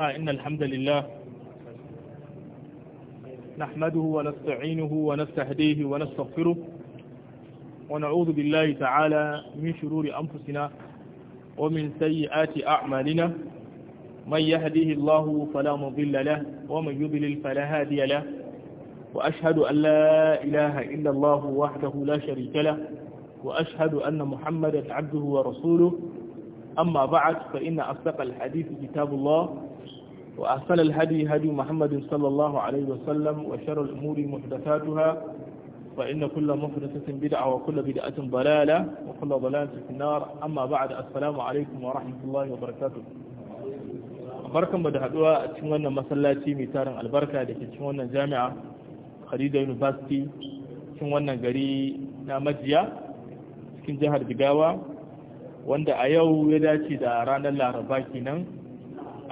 آه إن الحمد لله نحمده ونستعينه ونستهديه ونستغفره ونعوذ بالله تعالى من شرور أنفسنا ومن سيئات أعمالنا من يهديه الله فلا مضل له ومن يضلل فلا هادي له وأشهد أن لا إله إلا الله وحده لا شريك له وأشهد أن محمدا عبده ورسوله أما بعد فإن أصدق الحديث كتاب الله وأحسن الهدي هدي محمد صلى الله عليه وسلم وشر الأمور محدثاتها فإن كل محدثة بدعة وكل بدعة ضلالة وكل ضلالة في النار أما بعد السلام عليكم ورحمة الله وبركاته barkan mu da haduwa a cikin wannan masallaci mai tarin albarka da ke cikin wannan jami'a Khadija University cikin wannan gari na Majiya cikin jihar Jigawa wanda a yau ya dace da ranar laraba kenan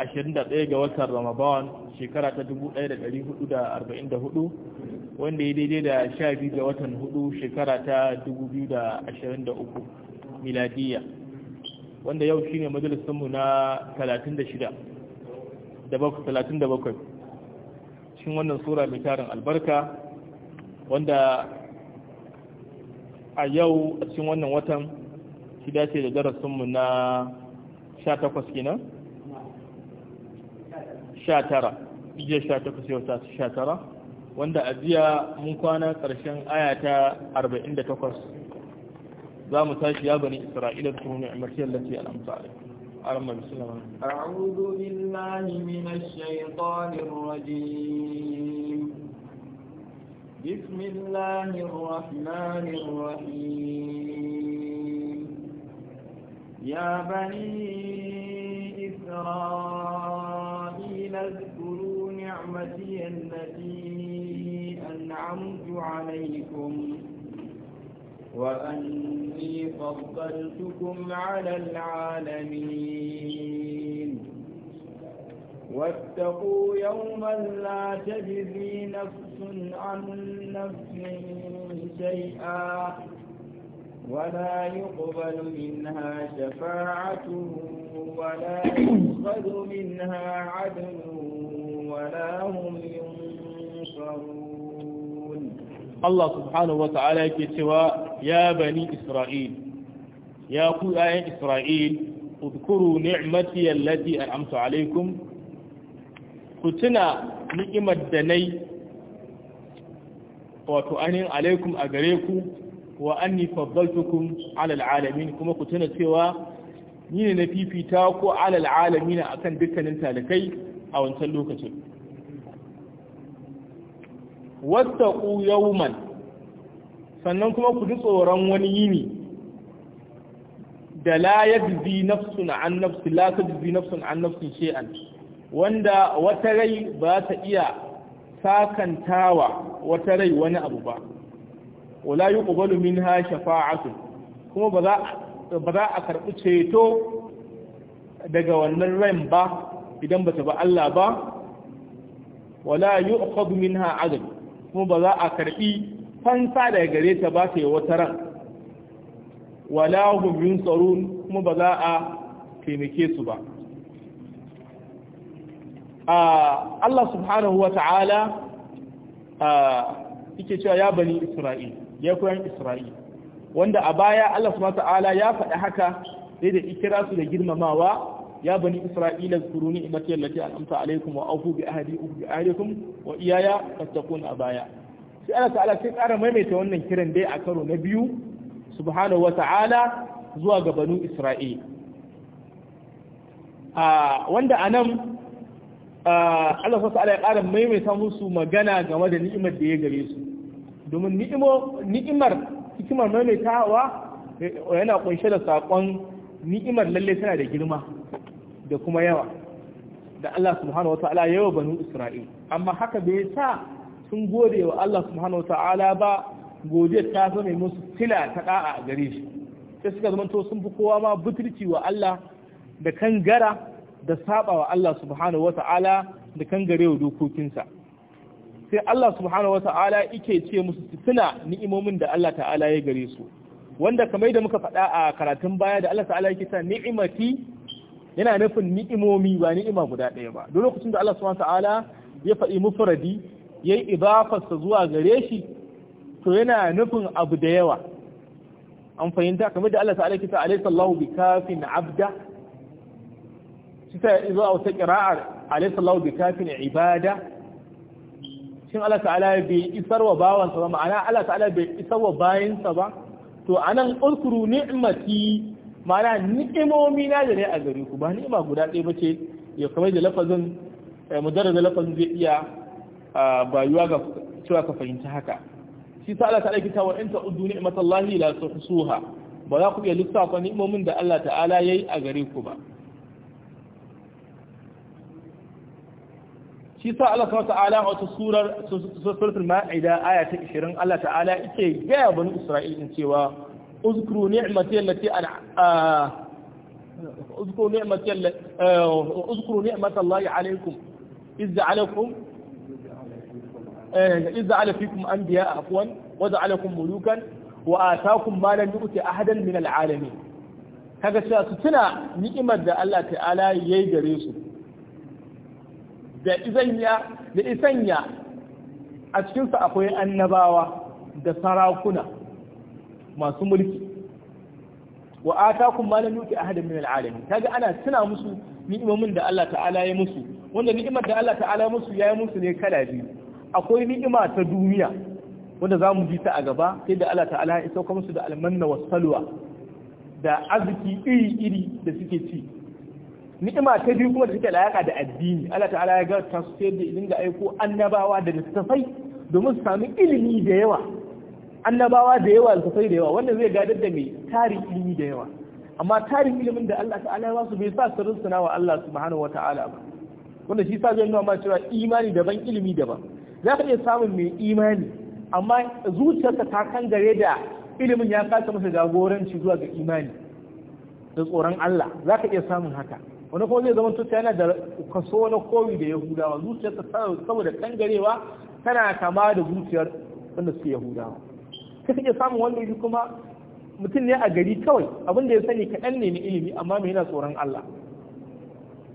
21 ga watan ramadan shekara ta 1444 wanda ya daidai da 12 ga watan 4 shekara ta 2023 miladiya wanda yau shine majalisunmu na 36 da 37 cikin wannan sura mai tarin albarka wanda a yau a cikin wannan watan shi dace da darasinmu na 18 kenan 19 jiya 18 yau 19 wanda a jiya mun kwana ƙarshen aya ta 48 za mu tashi ya bani isra'ila da kuma ni'amarciyar lati al'amta alaikum أعوذ بالله من الشيطان الرجيم بسم الله الرحمن الرحيم يا بني إسرائيل اذكروا نعمتي التي أنعمت عليكم وأني فضلتكم على العالمين واتقوا يوما لا تجزي نفس عن نفس شيئا ولا يقبل منها شفاعة ولا يؤخذ منها عدل ولا هم ينصرون الله سبحانه وتعالى كتوى يا بني إسرائيل يا قل آية إسرائيل اذكروا نعمتي التي أنعمت عليكم كتنا نعمة دني وتؤنن عليكم alaikum wa anni faddaltukum ala alalamin kuma ku tuna cewa ni ne na fifita ko ala alalamin akan dukkanin talakai a wancan lokacin wattaqu yawman sannan kuma ku ji tsoron wani yini da la yajzi nafsun an nafsi la tajzi nafsun an nafsi shay'an wanda wata rai ba ta iya sakantawa wata rai wani abu ba wala yuqbalu minha shafa'atu kuma ba za a karbi ceto daga wannan ran ba idan bata ba Allah ba wala min ha adl kuma ba za a karbi fansa daga gare ta ba sai wata ran wala hum tsaro kuma ba za a taimake su ba Allah subhanahu wa ta'ala yake cewa ya bani Isra'il ya koyan Isra'il wanda a baya Allah subhanahu ya faɗi haka sai da ikira su da girmamawa ya bani Isra'ila zkuru ni'mati allati al’amta alaykum wa aufu bi uku bi ahadikum wa iyaya fattaqun a baya sai Allah ta'ala sai ƙara maimaita wannan kiran dai a karo na biyu subhanahu wa ta'ala zuwa ga banu Isra'il a nan Allah s.w.t. ta'ala ya ƙara maimaita musu magana game da ni'imar da ya gare su domin ni'imar hikimar maimaitawa eh, yana kunshe da sakon ni'imar lalle tana da girma da kuma yawa da Allah subhanahu ta'ala yawa banu Isra'il amma haka bai sa sun gode wa Allah subhanahu Ta'ala ba godiyar ta zo ne musu tila ta ɗa'a a gare shi sai suka zama to sun fi kowa ma butulci wa Allah da gara da saba wa Allah subhanahu Ta'ala da wa dokokinsa sai Allah subhanahu ta'ala yake ce musu suna ni'imomin da Allah ta'ala ya gare su wanda kamar da muka faɗa a karatun baya da Allah ta'ala yake sa ni'imati yana nufin ni'imomi ba ni'ima guda ɗaya ba duk lokacin da Allah subhanahu wata'ala ya faɗi mufradi yayi idafarsa zuwa gare shi to yana nufin abu da yawa an fahimta kamar da Allah ta'ala yake ta alaysa Allahu bikafin abda shi ta zuwa wata qira'ar alaysa Allahu bikafin ibada shin Allah ta'ala bai isar wa bawansa ba ma'ana Allah ta'ala bai isar wa bayansa ba to anan uzkuru ni'mati ma'ana ni'imomi na da ne a gare ku ba ni'ima guda ɗaya ba ce ya kamar da lafazin eh, mujarrad lafazin zai iya bayuwa ga cewa ka fahimci haka shi sa Allah ta'ala ki ta wa uddu ni'matallahi la tuhsuha ba za ku iya lissafa ni'imomin da Allah ta'ala yayi a gare ku ba shi sa Allah subhanahu ta'ala a wata surar suratul ma'ida aya ta 20 Allah ta'ala yake gaya bani Isra'il din cewa uzkuru ni'mati allati an اذكروا نعمة اذكروا نعمة الله عليكم إذ جعلكم إذ جعل فيكم أنبياء عفوا وجعلكم ملوكا وآتاكم ما لم يؤت أحدا من العالمين kaga cewa su tuna ni'imar da Allah ta'ala ya yi gare su da izanya da isanya a cikinsa akwai annabawa da sarakuna masu mulki wa atakum ma lam yuti ahadan min al'alamin kaga ana tuna musu ni'imomin da Allah ta'ala ya musu wanda ni'imar da Allah ta'ala musu ya yi musu ne kala biyu akwai ni'ima ta duniya wanda za mu ji ta a gaba sai da Allah ta'ala ya sauka musu da almanna wa salwa da arziki iri-iri da suke ci ni'ima ta biyu kuma da take layaka da addini Allah ta'ala ya ga ta tasfiyar da idan aiko annabawa da littafai domin su sami ilimi da yawa annabawa da yawa littafai da yawa wannan zai gadar da mai tarin ilimi da yawa amma tarin ilimin da Allah ta'ala ya basu bai sa su rinsuna wa Allah subhanahu wa ta'ala ba wanda shi sa zai nuna ma cewa imani daban ilimi daban za ka iya samun mai imani amma zuciyarsa ta gare da ilimin ya kasa masa jagoranci zuwa ga imani da tsoron Allah za ka iya samun haka wani kuma zai zama tuta yana da kaso na kowi da yahudawa zuciyarsa saboda kangarewa tana kama da zuciyar wanda suke yahudawa sai suke samun wanda yi kuma mutum ne a gari kawai abin da ya sani kaɗan ne na ilimi amma mai yana tsoron Allah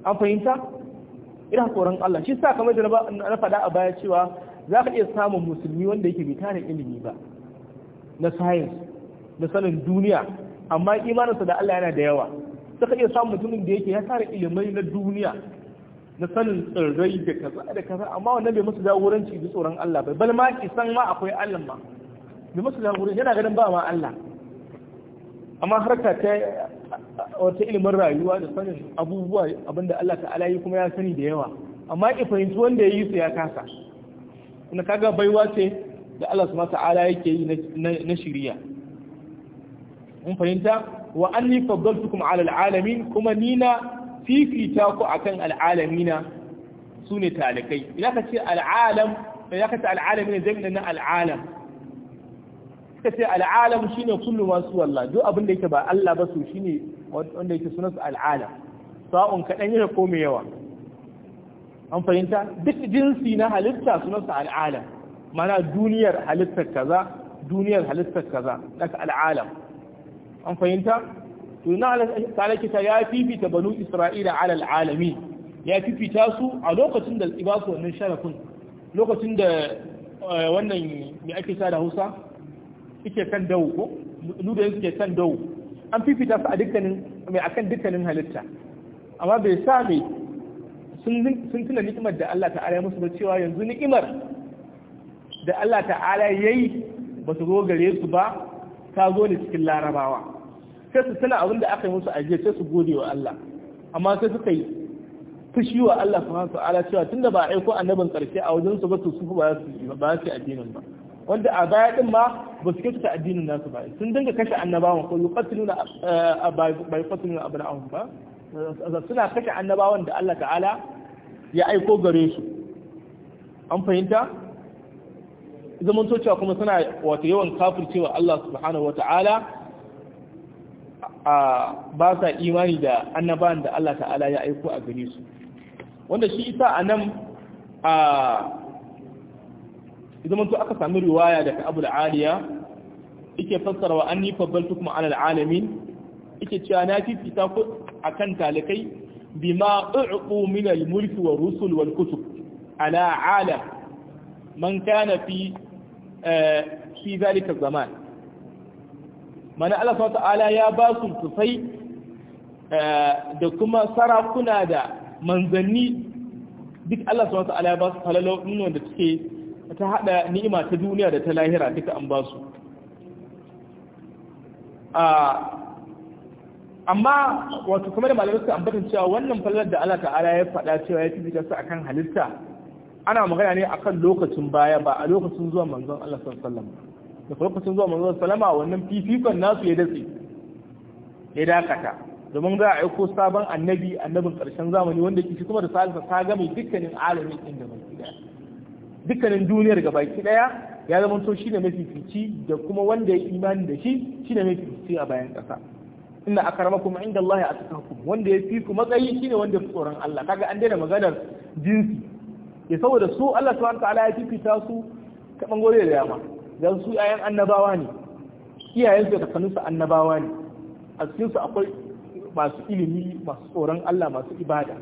an fahimta ina tsoron Allah shi sa kamar da na faɗa a baya cewa za ka iya samun musulmi wanda yake bai tarin ilimi ba na science na sanin duniya amma imaninsa da Allah yana da yawa suka iya samun mutumin da yake ya tara ilimai na duniya na sanin tsirrai da kaza da kaza amma wannan bai musu jagoranci da tsoron Allah bai bal ma ki san ma akwai Allah ma bai musu jagoranci yana ganin ba ma Allah amma harka ta wata ilimin rayuwa da sanin abubuwa abinda Allah ta'ala yi kuma ya sani da yawa amma ki fahimci wanda ya yi su ya kasa kuma kaga baiwa ce da Allah subhanahu ta'ala yake yi na shiriya mun fahimta wa anni faddaltukum ala alalamin kuma nina fifita ku akan alalamina sune talikai idan ka ce alalam idan ka ce alalamin zai na alalam ka ce alalam shine kullu ma su wallah duk abin da yake ba Allah ba su shine wanda yake sunan su alalam sa'un kaɗan yake ko mai yawa an fahimta duk jinsi na halitta sunan su alalam mana duniyar halittar kaza duniyar halittar kaza daga alalam an fahimta to na Allah ta ya fifita banu Isra'ila alal alami ya fifita su a lokacin da ba su wannan sharafin lokacin da eh, wannan mai ake sa da Hausa yake kan dawo ko nudayen suke kan dawo an fifita su a dukkanin mai akan dukkanin halitta amma bai sa mai sun tuna ni'imar da Allah ta'ala ya musu ba cewa yanzu ni'imar da Allah ta'ala ya yi ba su zo gare su ba ta zo ne cikin larabawa sai su tuna abin da aka yi musu ajiye sai su gode wa Allah amma sai suka yi fushi wa Allah hansu ala cewa tunda ba a aiko annabin karshe a wajen su ba su sufu ba su addinin ba wanda a baya din ma ba su kyautata addinin nasu ba sun dinga kashe annabawan ko yi bai qatiluna a ba suna kashe annabawan da Allah ta'ala ya aiko gare su an fahimta zaman cewa kuma suna wata yawan kafircewa Allah subhanahu wa ta'ala ba sa imani da annabawan da Allah ta'ala ya aiko a gare su wanda shi isa a nan a zamanto aka sami riwaya daga abu al'aliya ike fassara wa an nifa baltu kuma ala al’alamin ike cewa na fifita ku a kan talikai bi ma ɗu'uku min al-mulki wa rusul wal kutub ala’ala man kana fi eh, zalika zaman mana Allah subhanahu ta'ala ya ba su tufai eh, da kuma sarakuna da manzanni duk Allah subhanahu ta'ala ya ba su falalo wanda da suke ta hada ni'ima ta duniya da ta lahira duka an ba su ah, amma wato kamar da malamai suka ambatan cewa wannan falalar da Allah ta'ala ya faɗa cewa ya fifita su akan halitta ana magana ne akan lokacin baya ba a lokacin zuwa manzon Allah sallallahu alaihi wasallam da lokacin zuwa manzon salama wannan fifikon nasu ya datse ya dakata domin za a aiko sabon annabi annabin karshen zamani wanda ke kuma da salisa ta game dukkanin alamin inda baki daya dukkanin duniyar ga baki daya ya zama to shine mafifici da kuma wanda ya imani da shi shine mafifici a bayan kasa inna akramakum inda Allah ya atakakum wanda ya fi ku matsayi shine wanda fi tsoron Allah kaga an daina maganar jinsi ya saboda su Allah subhanahu wa ta'ala ya fifita su ta bangare da dama don su yayan annabawa ne iyayensu da kakanninsu annabawa ne a cikinsu akwai masu ilimi masu tsoron Allah masu ibada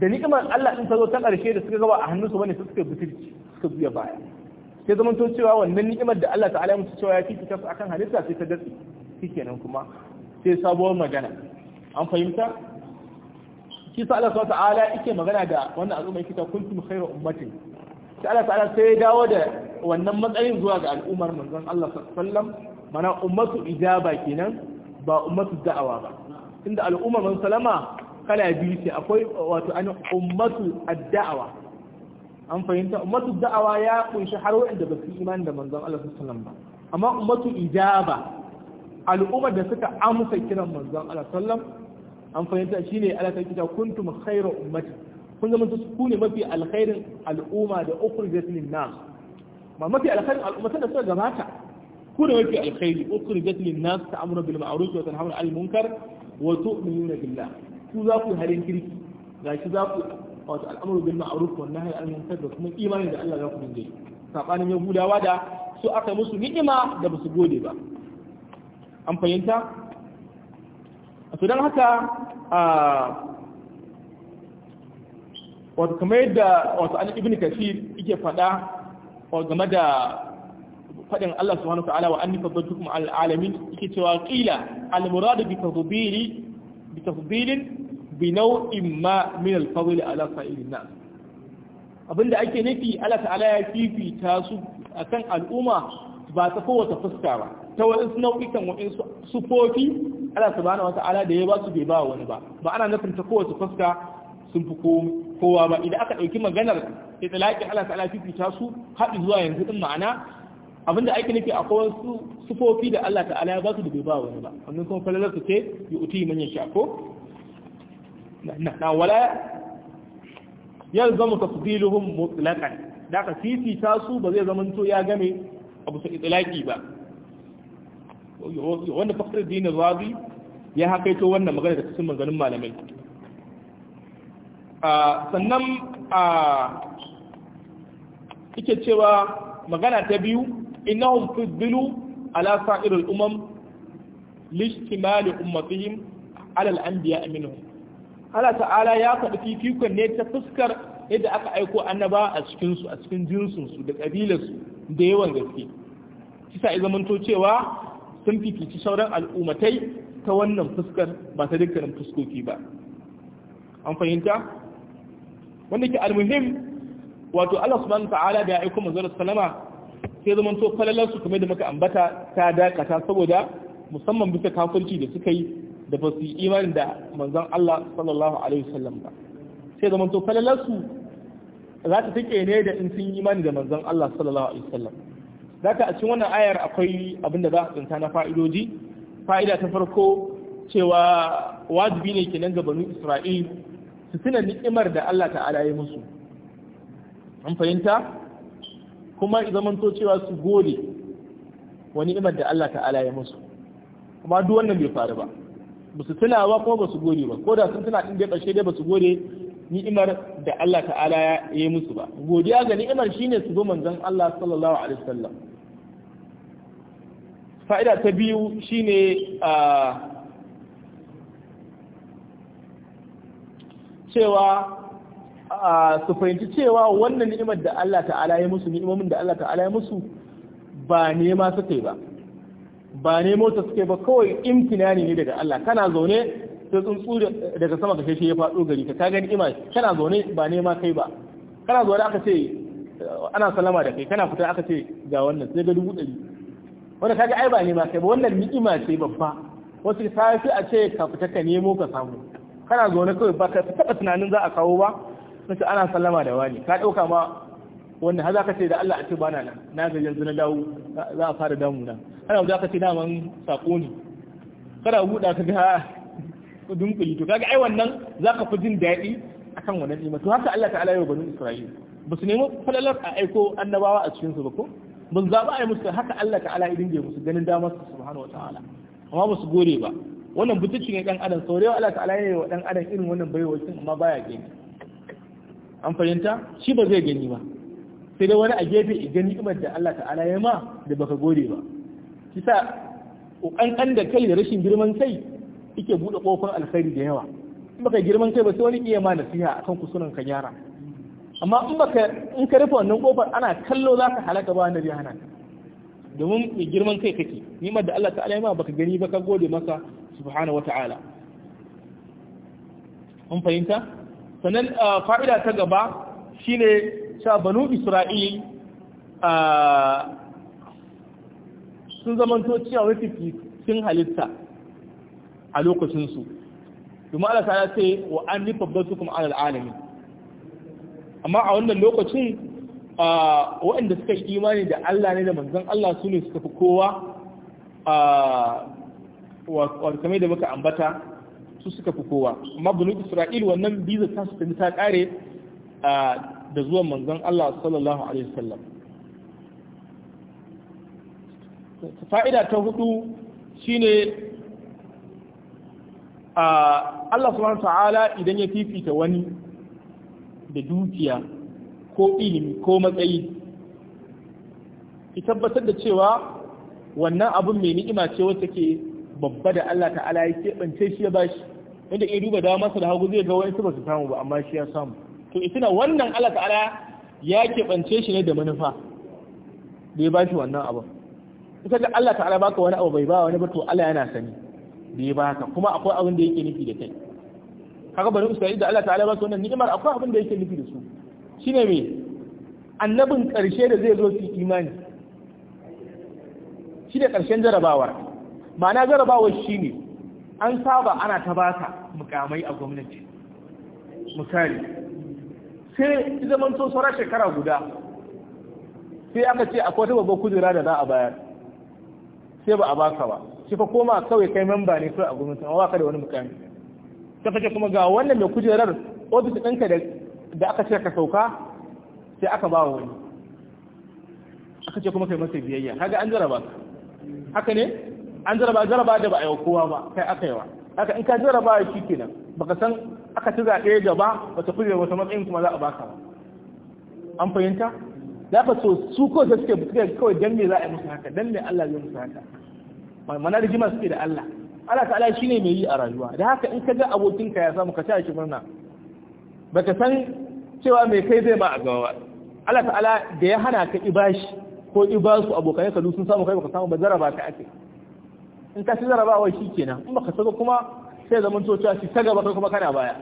da ni'imar Allah din ta zo ta ƙarshe da suka gaba a hannunsu bane suka butulci suka biya baya sai zaman to cewa wannan ni'imar da Allah ta'ala ya mutu cewa ya fifita su akan halitta sai ta datsi shikenan kuma sai sabuwar magana an fahimta shi sa Allah ta'ala yake magana da wannan al'umma yake ta kuntum khairu ummatin sai Allah ta'ala sai ya dawo da wannan matsayin zuwa ga al'ummar manzon Allah sallallahu alaihi wasallam mana ummatu ijaba kenan ba ummatu da'awa ba tunda al'ummar manzon sallama kala biyu ce akwai wato an ummatu ad-da'awa an fahimta ummatu da'awa ya kunshi har wanda ba su imani da manzon Allah sallallahu alaihi ba amma ummatu ijaba al'ummar da suka amsa kiran manzon Allah sallallahu alaihi wasallam an fahimta shine Allah ta kita kuntum khayra ummatin kun zama su ku ne mafi alkhairin al'umma da ukhrijat lin nas ma mafi alkhairin al'umma tana suka gabata ku ne mafi alkhairi ukhrijat lin nas ta'muru bil ma'ruf wa tanhawna 'anil munkar wa tu'minuna billah ku za ku halin kirki Ga shi za ku wato al'amru bil ma'ruf wa nahyi 'anil munkar da kuma imani da Allah za ku dinga sabanin yahudawa da su aka musu ni'ima da ba su gode ba an fahimta to don haka ah, wato kamar yadda wato an ibn kasir yake faɗa game da fadin Allah subhanahu ta'ala wa anni fadltukum al alamin yake cewa qila al murad bi tafdili bi tafdilin bi naw'in ma min al fadl ala sa'ilin nas abinda ake nufi Allah ta'ala ya fifita su akan al'umma ba ta kowace fuska ba ta wani nau'ikan waɗansu sufofi Allah subhanahu wata'ala da ya ba su bai ba wani ba ba ana nufin ta kowace fuska sun fi kowa ba idan aka ɗauki maganar itilaƙin Allah ta'ala fita su haɗi zuwa yanzu din ma'ana abinda ake nufi akwai su sufofi da Allah ta'ala ya ba su da bai ba wani ba wannan kuma falalar su ce yi uti yi manyan ko na wala zama yalzamu tafdiluhum mutlaqan da ka fifita su ba zai zama to ya game abu sa itilaƙi ba wanda fakhruddin razi ya hakaito wannan magana da cikin maganin malamai sannan a ike cewa magana ta biyu innahum fuddilu ala sa'iril umam lishtimali ummatihim alal an biya aminu Allah ta'ala ya faɗi fifikon ne ta fuskar yadda aka aiko annaba a cikinsu, a cikin jinsunsu da ƙabilarsu da yawan gaske kisa ya zamanto cewa sun fifici sauran al'ummatai ta wannan fuskar ba ta dukkanin fuskoki ba an fahimta wanda ke almuhim wato Allah subhanahu ta'ala da ya aiko manzo sallama sai zaman to falalar su kamar da muka ambata ta dakata saboda musamman bisa kafirci da suka yi da ba su yi imanin da manzon Allah sallallahu alaihi wasallam ba sai zaman to falalar su za ta take ne da in sun yi imani da manzon Allah sallallahu alaihi wasallam zaka a cikin wannan ayar akwai abin da za a tsinta na fa'idoji fa'ida ta farko cewa wajibi ne kenan ga banu Isra'il su tuna ni'imar da Allah ta'ala ya musu an fahimta kuma zamanto cewa su gode wa ni'imar da Allah ta'ala ya musu kuma duk wannan bai faru ba ba su tuna ba kuma ba su gode ba ko da sun tuna din da ƙarshe dai ba su gode ni'imar da Allah ta'ala ya yi musu ba godiya ga ni'imar shine su zo manzon Allah sallallahu alaihi wasallam fa'ida ta biyu shine a ah, cewa su fahimci cewa wannan ni'imar da Allah ta'ala ya musu ni'imomin da Allah ta'ala ya musu ba nema suka ba ba nemo ta suka yi ba kawai imtinani ne daga Allah kana zaune sai tsuntsu daga sama kashe shi ya faɗo gari ka ka gani ima kana zaune ba nema kai ba kana zaune aka ce ana salama da kai kana fita aka ce ga wannan sai ga dubu ɗari wanda kaga ai ba nema kai ba wannan ni'ima ce babba wasu ta fi a ce ka fita ka nemo ka samu kana ne kawai ba ka taɓa tunanin za a kawo ba sai ce ana sallama da wani ka ɗauka ma wanda har ka ce da Allah a ce bana nan na ga yanzu na dawo za a fara damuna kana za ka ce daman sako ne kana buɗa ka ga dunkuli to kaga ai wannan za ka fi jin daɗi akan wannan nima to haka Allah ta'ala wa banu Isra'ila ba su nemi falalar a aiko annabawa a cikinsu ba ko ban zaɓa a yi musu haka Allah ta'ala idin bai musu ganin damar su subhanahu wa ta'ala amma ba su gore ba wannan butulci ne dan adam sau da yawa Allah ta'ala ya yi wa dan adam irin wannan baiwa sun amma baya gani an fahimta shi ba zai gani ba sai dai wani a gefe ya gani ibar da Allah ta'ala ya ma da baka gode ba sa ƙanƙan da kai da rashin girman kai yake buɗe ƙofar alkhairi da yawa in baka girman kai ba sai wani iya ma nasiha akan kusurin ka gyara amma in baka in ka rufe wannan ƙofar ana kallo za ka halaka ba wanda zai hana domin mai girman kai kake nimar da Allah ta'ala ya ma baka gani ba ka gode maka subhanahu wata'ala mun fahimta sannan uh, fa'ida ta gaba shine sa banu isra'il uh, sun zamanto cewa mafi sun halitta a lokacinsu domin Allah ta ce wa an nufa basu kuma alal alami amma a wannan lokacin uh, waɗanda suka yi imani da Allah ne da manzan Allah su ne suka fi kowa wato kamar da muka ambata su suka fi kowa amma banu isra'il wannan biza ta su ta kare da zuwan manzon Allah sallallahu alaihi wasallam fa'ida ta hudu shine Allah subhanahu ta'ala idan ya fifita wani da dukiya ko ilimi ko matsayi ki tabbatar da cewa wannan abin mai ni'ima ce wacce ke babba da Allah ta'ala ya keɓance shi ya bashi wanda iya duba dama masa da hagu zai ga wani ba su samu ba amma shi ya samu to itina wannan Allah ta'ala ya keɓance shi ne da manufa bai ya bashi wannan abu ita da Allah ta'ala baka wani abu bai ba wani ba to Allah yana sani bai ya baka kuma akwai abin da yake nufi da kai kaga bari Isra'ila da Allah ta'ala baka wannan ni'imar akwai abin da yake nufi da su shine me annabin karshe da zai zo su imani shi da ƙarshen jarabawar ma'ana jarabawar shi ne an saba ana ta ba ta mukamai a gwamnati misali sai zaman to sauran shekara guda sai aka ce akwai ta babban kujera da za a bayar sai ba a ba ka ba shi fa koma kawai kai memba ne sai a gwamnati amma ka da wani mukami ta fashe kuma ga wannan mai kujerar ofis ɗinka da aka ce ka sauka sai aka ba wani aka ce kuma kai masa biyayya kaga an jaraba haka ne an jaraba jaraba da ba a yi kowa ba kai aka yi wa haka in ka jaraba shi kenan baka san aka ci zaɓe gaba wata kujera wata matsayin kuma za a baka ba an fahimta za ka so su ko da suke suke kawai dan me za a yi musu haka dan me Allah zai musu haka mana rigima suke da Allah Allah ta'ala shine mai yi a rayuwa da haka in ka ga abokinka ya samu ka ta shi murna baka san cewa mai kai zai ba a gaba ba. Allah ta'ala da ya hana ka ibashi ko ibasu abokai ka sun samu kai baka samu ba jaraba ka ake in ka ci jarabawa shi kenan in baka saka kuma sai zaman cewa shi ta gaba kai kuma kana baya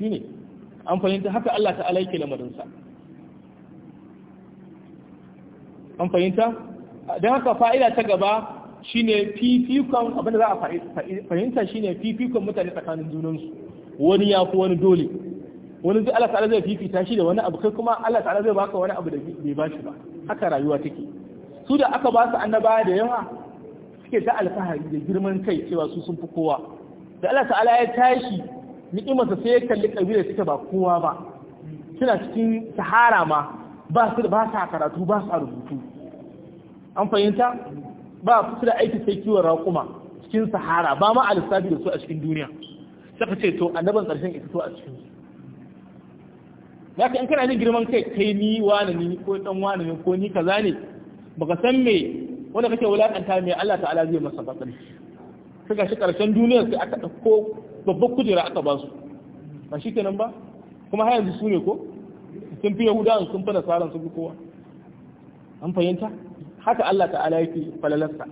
shine an fahimta haka Allah ta'ala yake lamarin sa an fahimta don haka fa'ida ta gaba shine fifikon abinda za a fahimta shine fifikon mutane tsakanin junansu wani ya fi wani dole wani zai Allah ta'ala zai fifita shi da wani abu kai kuma Allah ta'ala zai baka wani abu da bai ba shi ba haka rayuwa take su da aka ba su annaba da yawa suke ta alfahari da girman kai cewa su sun fi kowa da Allah ta'ala ya tashi ni'imarsa sai ya kalli kabilar suke ba kowa ba suna cikin sahara ma ba su ba sa karatu ba sa rubutu an fahimta ba su da aiki sai kiwon raƙuma cikin sahara ba ma alisabi da su a cikin duniya saka ce to annaban ƙarshen ita to a cikin in kana jin girman kai kai ni wani ni ko dan wani ni ko ni kaza ne baka san me wanda kake wulakanta mai Allah ta'ala zai masa fasali suka shi karshen duniya sai aka ɗauko babbar kujera aka ba su ba shi kenan ba kuma har yanzu su ne ko sun fi yahuda sun fi nasaran su kowa an fahimta haka Allah ta'ala yake falalarsa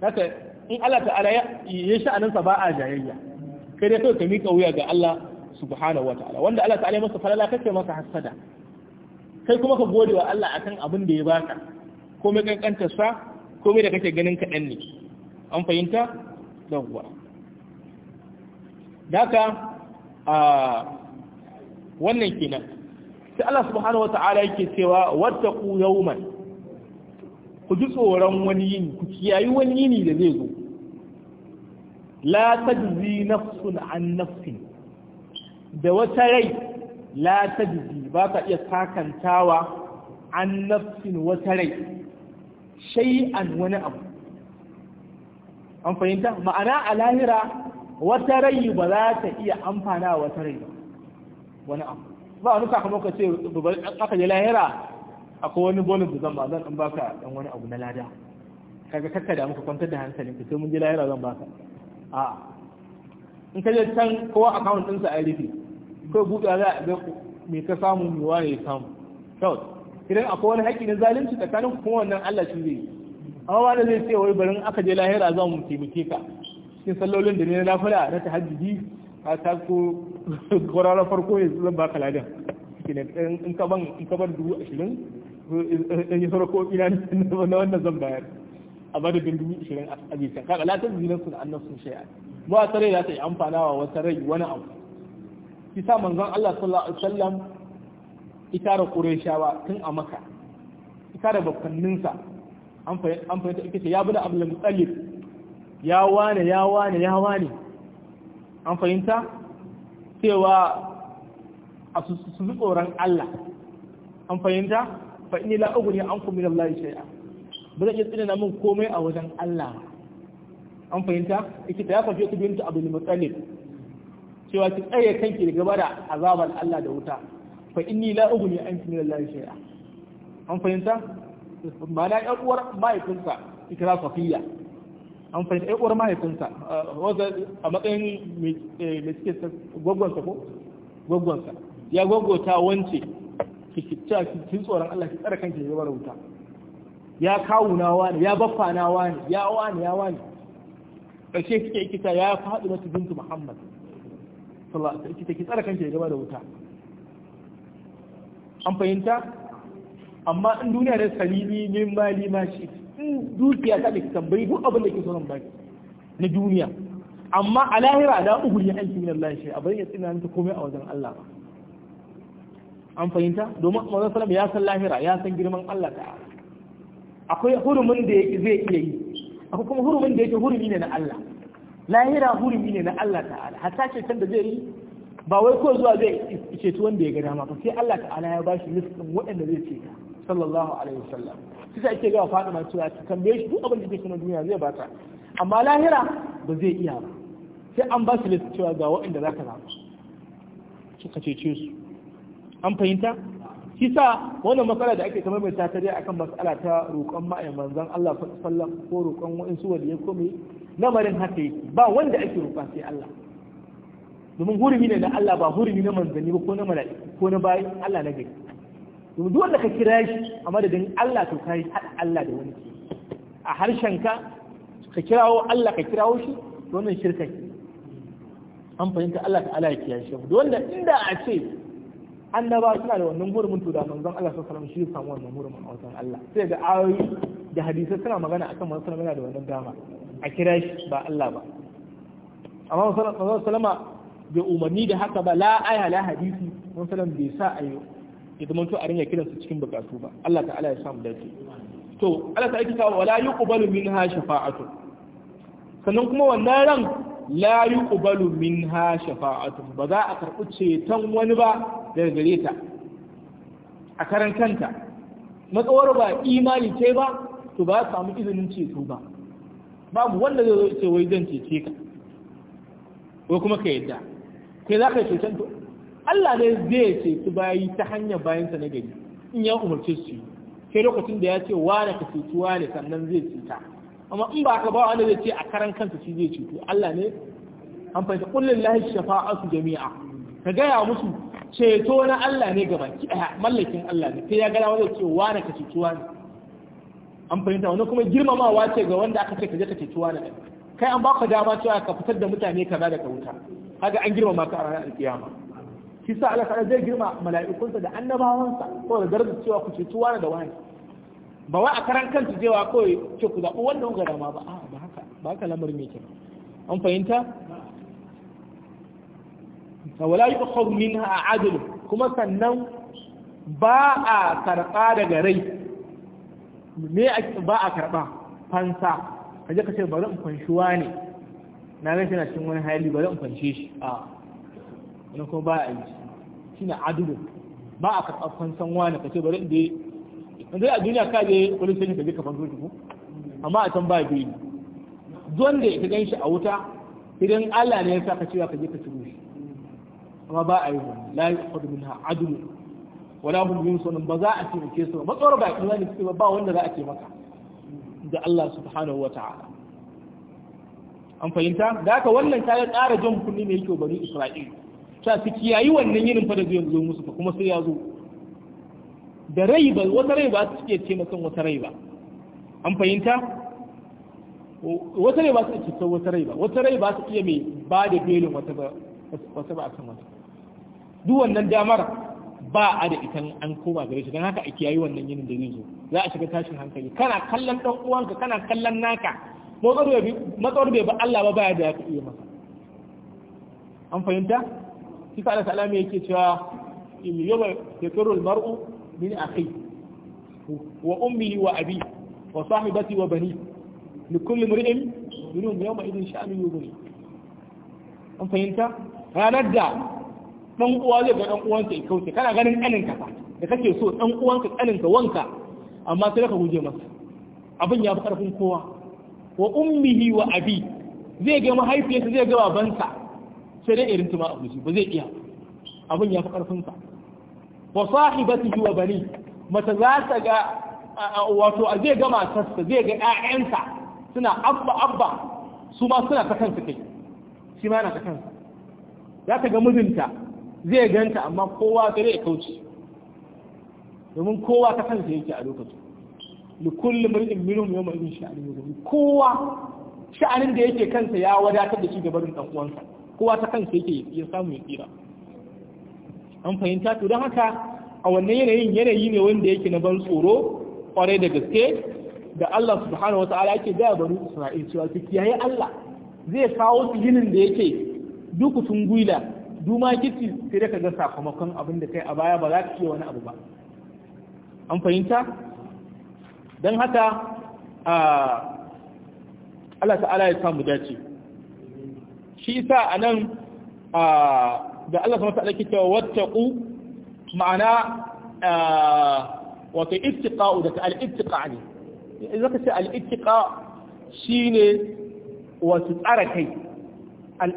haka in Allah ta'ala ya yi sha'aninsa ba a jayayya kai dai kawai ka miƙa wuya ga Allah subhanahu wataala wanda Allah ta'ala ya masa falala kake masa hasada kai kuma ka gode wa Allah akan abin da ya baka komai kankantar sa komai da kake ganin kaɗan ne an fahimta yawwa daga a wannan kenan sai Allah subhanahu ta'ala yake cewa wattaqu yawman ku ji tsoron wani yini ku kiyayi wani yini da zai zo la tajzi nafsun an nafsin da wata rai la tajzi ba ka iya sakantawa an nafsin wata rai shay'an wani abu an fahimta ma'ana a lahira wata rai ba za ta iya amfana wata rai wani abu ba wani sakamakon ce aka yi lahira akwai wani bonus da zan ba zan baka dan wani abu na lada kaga kakka da muka kwantar da hankalin ka sai mun ji lahira zan baka a in ka je can kowa account ɗinsa a rufe kai buɗe za a ga me ka samu me waye samu kawai idan akwai wani haƙƙi na zalunci tsakanin kuma wannan Allah shi zai amma wanda zai ce wai barin aka je lahira za mu taimake ka cikin sallolin da ne na nafila na tahajjudi ka ta ko kwarara farko ne zan baka ladan in ka ban in ka ban dubu ashirin in yi sarko ina na wannan zan bayar a madadin dubu ashirin a bisa kaga la ta zina su da annan sun shaya ba ta rai za ta yi amfana wa wata rai wani abu kisa manzon Allah sallallahu alaihi wasallam ita da ƙureshawa tun a maka ita da bakwanninsa an fahimta ita ce ya bi da abdul mutsalif ya wane ya wane ya wane an fahimta cewa a su tsoron Allah an fahimta fa inni la ugni ankum min Allah shay'a ba zan iya tsinana min komai a wajen Allah an fahimta ita ta ya fafi ku binta abdul mutsalif cewa ki tsaye kanki daga bara azabar Allah da wuta fa inni la ughni anki min Allah shay'a an fahimta na ƴan uwar mahaifinsa ita safiya an fahimta ƴan uwar mahaifinsa uh, wanda a matsayin mai eh, suke gwaggwansa ko gwaggwansa ya gwaggwata wance ki kitta tsoron Allah ki tsara kanki daga wuta ya kawo na wani ya baffa na wani ya wani ya wani ƙarshe kike kika ya faɗi mata bintu Muhammad sallallahu alaihi wasallam kike tsara kanki daga wuta an fahimta amma in duniya da salili min mali ma shi in dukiya ta da tambayi duk abin da ke so baki na duniya amma a lahira da ugu ya aiki min Allah shi abin ya tsina ta komai a wajen Allah ba an fahimta domin manzon sallam ya san lahira ya san girman Allah ta'ala akwai hurumin da zai iya yi akwai kuma hurumin da yake hurumi ne na Allah lahira hurumi ne na Allah ta'ala hatta ce can da zai yi ba wai ko zuwa zai ceci wanda ya ga dama ba sai Allah ta'ala ya bashi rizqin waɗanda zai ce sallallahu alaihi wasallam shi sai ake ga Fatima cewa ta tambaye shi duk abin da yake na duniya zai bata amma lahira ba zai iya ba sai an ba su list cewa ga waɗanda za ka zaba ka cece su an fahimta shi sa wannan matsala da ake kamar mai ta dai akan matsala ta roƙon ma'ayin manzon Allah sallallahu ko roƙon wa'insu wanda ya kome lamarin haka yake ba wanda ake roƙa sai Allah domin hurumi ne na Allah ba hurumi na manzanni ba ko na mala'iku ko na bayi Allah na gari domin duk wanda ka kira shi a madadin Allah to kai hada Allah da wani a harshen ka ka kirawo Allah ka kirawo shi wannan shirka ne an fahimta Allah ta'ala ya kiyaye shi wanda inda a ce annaba suna da wannan hurumin to da manzon Allah sallallahu alaihi wasallam shi samu wannan hurumin a wajen Allah sai ga ayoyi da hadisai suna magana akan manzon sallallahu da wannan dama a kira shi ba Allah ba amma sallallahu alaihi bai umarni da haka ba la aya la hadisi wani bai sa a yi ya zama to a ringa kiransu cikin bukatu ba Allah ta'ala ya samu dace to Allah ta aikata wala yuqbalu minha shafa'atu sannan kuma wannan ran la yuqbalu minha shafa'atu ba za a karɓi ceton wani ba daga gare ta a karan kanta matsawar ba imani ce ba to ba samu izinin ceto ba babu wanda zai ce wai zan cece ka ko kuma ka yadda kai za ka cutar to Allah ne zai ceci bayi ta hanyar bayansa na gari in ya umarci su yi kai lokacin da ya ce da ka wa ne sannan zai cuta amma in ba ka ba wanda zai ce a karan kansa shi zai cutu Allah ne an fahimta kullum lahi shafa'atu jami'a ka gaya musu ceto na Allah ne gaba ki daya mallakin Allah ne sai ya gara wanda ce da ka wa ne an fahimta wani kuma girmamawa ce ga wanda aka ce ka je ka wa ne kai an baka dama cewa ka fitar da mutane ka da daga wuta kaga an girma ka a ranar alkiyama shi sa Allah ta zai girma mala'ikunsa da annabawansa ko da darajar cewa ku ceto wani da wani ba wai a karan kanta cewa kawai ce ku zaɓi wannan gara ma ba a'a ba haka ba haka lamarin yake an fahimta wala yuqad minha adl kuma sannan ba a karɓa daga rai me ba a karɓa fansa kaje ka ce bari in fanshuwa ne na ga na cikin wani hali ba zan fanshe shi a wani kuma ba a yi shi na adubu ba a karɓar fansan wani ka ce bari in dai in dai a duniya ka je police station ka je ka fanso shi amma a can ba biyu zuwan da ka gan shi a wuta idan Allah ne ya sa ka cewa ka je ka ciro shi amma ba a yi wani a yuqadu minha adubu wala yin sunan ba za a ce ke su ba tsoro ba imani ba wanda za a maka. da Allah subhanahu wa ta'ala an fahimta da haka wannan ta ƙara jan kunni ne yake bari isra'il ta su kiyayi wannan yinin fa da zai zo musu fa kuma sai ya zo da rai ba wata rai ba su ke ce masan wata rai ba an fahimta wata rai ba su ke cikin wata rai ba wata rai ba su iya mai ba da belin wata ba wata ba wata duk wannan damar ba a da ita an koma gare shi don haka a kiyayi wannan yinin da zai zo za a shiga tashin hankali kana kallon dan uwanka kana kallon naka matsawar bai ba Allah ba baya da ya iya masa an fahimta shi sa Allah salama yake cewa in yaba yakuru mar'u min akhi wa ummihi wa abi wa sahibati wa bani li kulli mar'in minhum yawma idin sha'nu yughni an fahimta ranar da dan uwa zai ga dan uwansa ya kauce kana ganin kanin ka da kake so dan uwanka kanin ka wanka amma sai ka guje masa abin ya fi karfin kowa wa ummihi wa abi zai ga mahaifiyarsa zai ga babansa sai dai irin tuma abu ba zai iya abin ya fi sa wa sahibatihi wa bani mata za ta ga wato zai ga matarsa zai ga ƴaƴansa suna abba abba su ma suna ta kansu kai shi ma yana ta kansa za ta ga mijinta zai ganta amma kowa sai ya kauce domin kowa ta kansa yake a lokacin لكل kulli منهم يوم yawma idin sha'ani yughni kowa sha'anin da yake kansa ya wadatar da shi ga barin dan uwansa kowa ta kansa yake ya samu ya tsira an fahimta to dan haka a wannan yanayin yanayi ne wanda yake na ban tsoro kwarai da gaske da Allah subhanahu wata'ala yake ga bari Isra'il cewa su yayi Allah zai kawo su ginin da yake sun gwila duma kici sai da ka ga sakamakon abin da kai a baya ba za ka iya wani abu ba an fahimta don haka Allah ta'ala ya samu dace shi isa a nan da Allah sama ta'ala ke cewa ku ma'ana wato ittiqa'u da al-ittiqa ne idan ka ce al shi ne wasu tsara kai al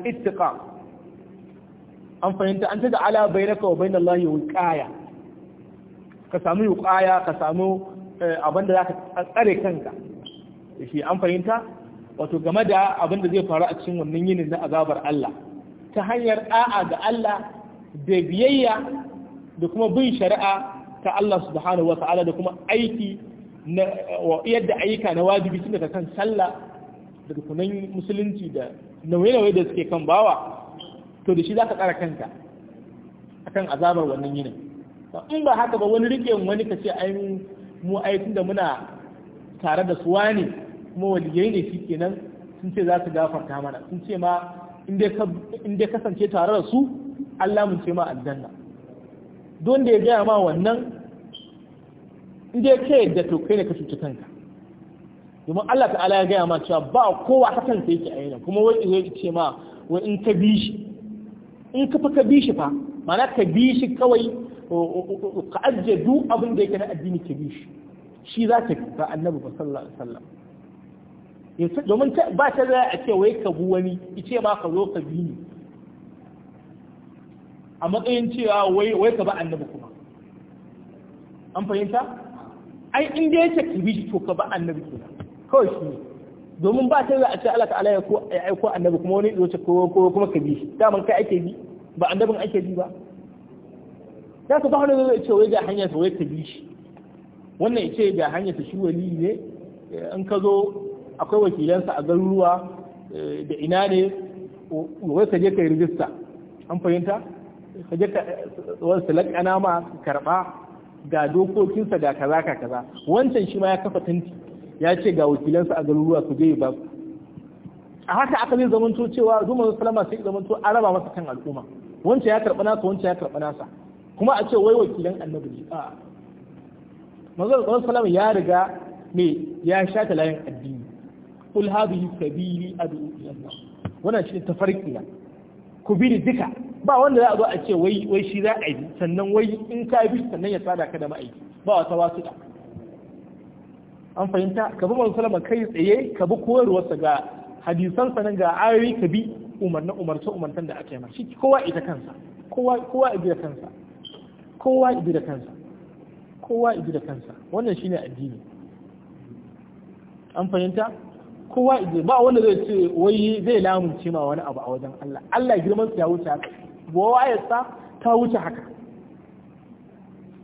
an fahimta an tada ala bainaka wa bai bainallahi wiqaya ka samu wiqaya ka samu Eh, abin da za ka tsare kanka shi an fahimta wato game da abin da zai faru a cikin wannan yinin na azabar Allah ta hanyar a'a ga Allah da biyayya da kuma bin shari'a ta Allah subhanahu wa ta'ala da kuma aiki na yadda ayyuka na wajibi tun daga kan sallah da rukunan musulunci da nauye-nauye da suke kan bawa to da shi za ka tsara kanka akan azabar wannan yinin in ba haka ba wani rike wani ka ce ainihin mu ai tunda muna tare da suwa ne kuma waliyai ne shikenan sun ce za su gafarta mana sun ce ma in dai kasance tare da su Allah mun ce ma aljanna don da ya gaya ma wannan in dai ka da to kai ne ka cuci kanka domin Allah ta'ala ya gaya ma cewa ba kowa hakan sai yake ayyana kuma wai zai ce ma wai in ka bi shi in ka fa ka bi shi fa ma'ana ka bi shi kawai ka ajiye duk abin da yake na addini ke bishi shi za ta ba annabi ba sallallahu alaihi wasallam domin ba ta za a ce wai ka bu wani ice ba ka zo ka bini a matsayin cewa wai wai ka ba annabi kuma an fahimta ai in dai yake ka bishi to ka ba annabi kuma kawai shi ne domin ba ta za a ce Allah ta'ala ya ko aiko annabi kuma wani zo ce ko kuma ka bishi shi daman kai ake bi ba annabin ake bi ba da ka fahimta zai ce wai ga hanyar wai ka bi shi wannan ya ce ga hanyar ta shi wali ne in ka zo akwai wakilansa a garuruwa eh, da ina ne wai ka je ka yi rijista an fahimta ka je ka wani salakana ma karɓa ga dokokinsa ga kaza ka kaza wancan shi ma ya kafa tanti ya ce ga wakilansa a garuruwa su je ba a haka aka zai zamanto cewa zuma zai salama sai zamanto an raba masa kan al'umma wancan ya karɓi nasa wancan ya karɓi nasa kuma a ce wai wakilan annabi ne a'a manzo sallallahu alaihi ya riga me ya shata layin addini kul hadhihi sabili ad'u ila Allah wannan shi tafarki na ku bi duka ba wanda za a zo a ce wai wai shi za a yi sannan wai in ka bi sannan ya tsada ka da ma'aiki ba wata da. an fahimta ka bi manzo sallallahu kai tsaye ka bi koyarwarsa ga hadisan sanan ga ayoyi ka bi umarnin umarce umartan da aka yi mashi kowa ita kansa kowa kowa ita kansa kowa ibi da kansa kowa ibi da kansa wannan shine addini an fahimta kowa ibi ba wanda zai ce wai zai lamunce ma wani abu a wajen Allah Allah girman ya wuce haka wayarsa ta wuce haka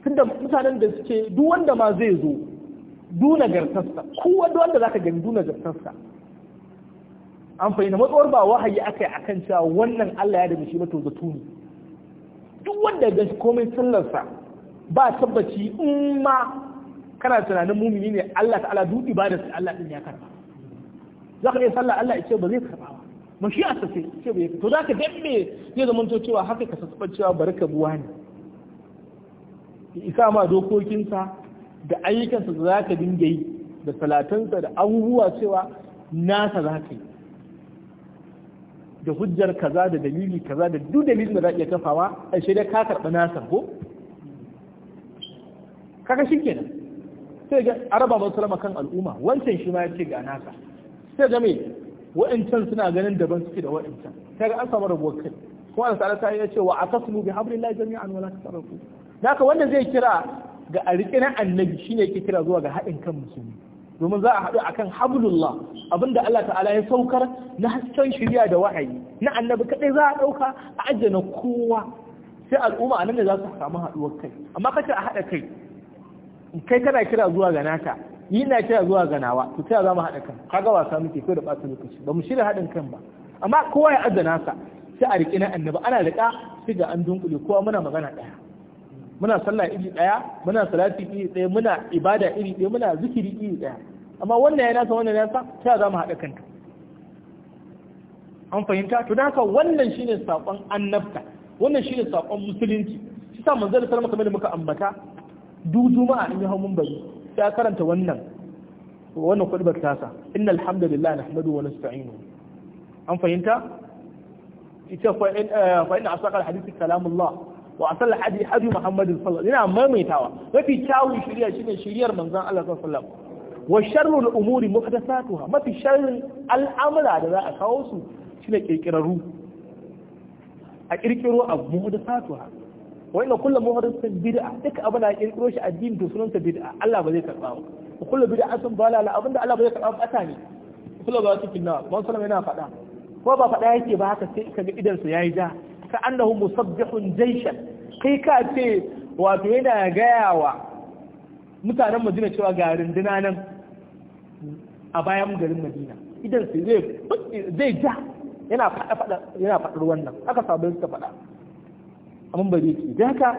tunda mutanen da suke duk wanda ma zai zo duna gartarsa kowa duk wanda zaka gani duna gartarsa an fahimta matsawar ba wahayi akai akan cewa wannan Allah ya da shi ba to zato ne duk wanda ga komai sallarsa ba tabbaci in ma kana tunanin mumini ne Allah ta'ala duk ba da Allah din ya karba za ka iya sallah Allah ya ce ba zai karba ba mashi'a ta ce ce ba to za ka dabbe zai zama to cewa haka ka sassaɓar cewa bari ka buwa ne isa ma dokokinsa da ayyukansa da za ka dinga yi da salatansa da abubuwa cewa nasa za ka yi da hujjar kaza da dalili kaza da duk dalilin da za iya kafawa a shaida ka karɓi nasa ko kaka shi kenan sai ga araba ba sulama kan al'umma wancan shi ma ya ce ga nasa sai ga me wa'ancan suna ganin daban suke da wa'ancan sai ga an samu rabuwar kai kuma Allah saar ta yi ya ce wa atasmu bi jami'a jami'an wala tafarraqu haka wanda zai kira ga a riƙe na annabi shine ke kira zuwa ga haɗin kan musulmi domin za a haɗu akan hablullah abinda Allah ta'ala ya saukar na hasken shirya da wahayi na annabi kadai za a ɗauka a ajana kowa sai al'umma anan da za su samu haɗuwar kai amma kace a haɗa kai kai kana kira zuwa ga naka yi na kira zuwa ga nawa to ta za mu haɗa kan kaga wasa muke ko da ɓata lokaci ba mu shirya haɗin kan ba amma kowa ya ajana sa sai a riƙe na annabi ana riƙa sai ga an dunkule kowa muna magana ɗaya muna sallah iri daya muna salati iri daya muna ibada iri daya muna zikiri iri daya amma wannan ya nasa wannan ya nasa sai za mu haɗa kanta an fahimta to haka wannan shine sakon annabta wannan shine sakon musulunci shi sa manzo da sallama kamar muka ambata duk juma'a in yi hamun bari ya karanta wannan wannan kudubar tasa inna alhamdulillah nahmadu wa nasta'inu an fahimta ita fa in eh, fa in asaqal hadisi kalamullah wa asal hadi hadi muhammadin sallallahu alaihi wasallam ina maimaitawa mafi kyawun shari'a shine shari'ar manzon Allah sallallahu alaihi wasallam wa sharrul umuri muhdathatuha mafi sharrin al'amura da za a kawo su shine kirkirarru a kirkiro abu muhdathatuha wa inna kullu muhdathatin bid'a duk abin da kirkiro shi addini to sunanta bid'a Allah ba zai karba ba wa kullu bid'atin dalala abinda Allah ba zai karba ba ne kullu ba su finna man sallama yana faɗa ko ba faɗa yake ba haka sai ka ga idan su yayi ja ka annahu musabbihun jaishan kai ka ce wato yana gaya wa mutanen madina cewa ga runduna nan a bayan garin madina idan su zai ja yana faɗa yana faɗar wannan haka sabbin suka faɗa amma ba zai ce haka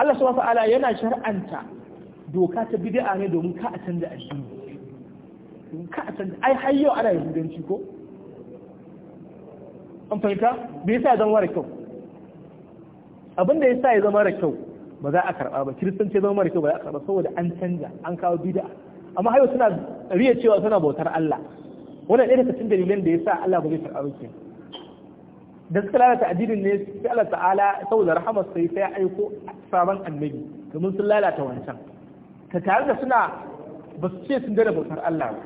Allah subhanahu ta'ala yana shar'anta doka ta bid'a ne domin ka a canza addini ka a canza ai har yau ana yahudanci ko an fahimta bai yasa zama mara kyau abinda ya yasa ya zama mara kyau ba za a karba ba kiristanci zama mara kyau ba za a karba saboda an canja an kawo bid'a amma hayo suna riya cewa suna bautar Allah wannan ɗaya daga cikin dalilan da ya sa Allah ba zai karba ba da suka lalata addinin ne sai Allah ta'ala saboda rahamar sai sai aiko sabon annabi domin sun lalata wancan ka tare da suna ba su ce sun dada bautar Allah ba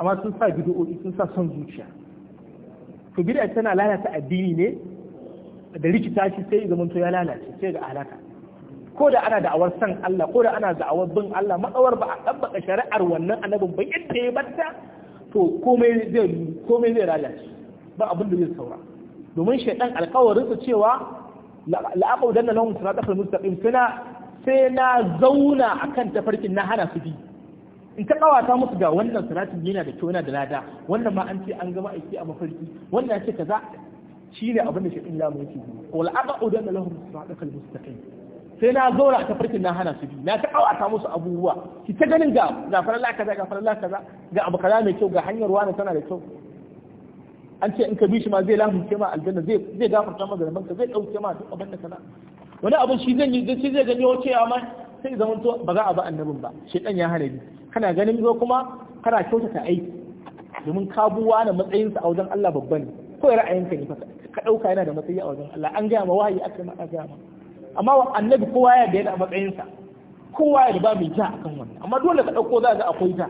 amma sun sa bid'o'i sun sa son zuciya to bid'a tana lalata addini ne da rikita shi sai zaman to ya lalace sai ga alaka ko da ana da'awar san Allah ko da ana da'awar bin Allah matsawar ba a tabbata shari'ar wannan annabin ba yadda ya batta to komai zai komai zai lalace ba abin da zai saura domin shaidan alƙawarin su cewa la'aqaudanna lahum siratal mustaqim sana sai na zauna akan tafarkin na hana su bi in ta kawata musu ga wannan salatin yana da kyau yana da lada wannan ma an ce an gama aiki a mafarki wannan ce kaza shine abin da shi in lamu yake wal aba'u da lahum siratal mustaqim sai na zaura ta farkin na hana su bi na ta kawata musu abubuwa ki ta ganin ga gafar Allah kaza gafar Allah kaza ga abu kaza mai kyau ga hanyar wani tana da kyau an ce in ka bi shi ma zai lamunce ma aljanna zai zai gafarta ma zalman ka zai dauke ma duk abin da kana wani abin shi zan yi zai gani wace ma sai zaman to ba za a ba annabin ba shedan ya hana bi kana ganin zo kuma kana kyautata aiki domin ka buwa na matsayinsa a wajen Allah babba ne ko ra'ayinka ne ka dauka yana da matsayi a wajen Allah an gaya ma wahayi akai ma gaya ma amma annabi kowa ya da yana matsayinsa kowa ya ba mai ja akan wannan amma dole ka dauko za ga akwai ja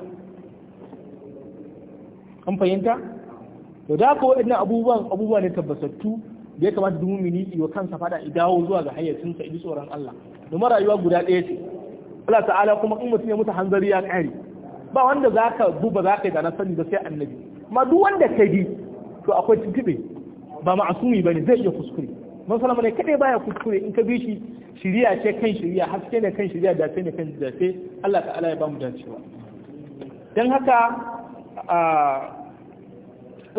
an fahimta to da ko waɗannan abubuwan abubuwa ne tabbatattu da ya kamata duk yi wa kansa fada idawo dawo zuwa ga hayyacinsa i tsoron Allah domin rayuwa guda ɗaya ce Allah ta'ala kuma in mutum ya mutu hanzari ya kare ba wanda zaka duba zaka yi da na sani da sai annabi ma duk wanda ka bi to akwai tuntube ba ma'asumi bane zai iya kuskure man sallama ne kadai baya kuskure in ka bi shi shiriya ce kan shiriya haske ne kan shiriya dace ne kan sai Allah ta'ala ya ba mu dacewa dan haka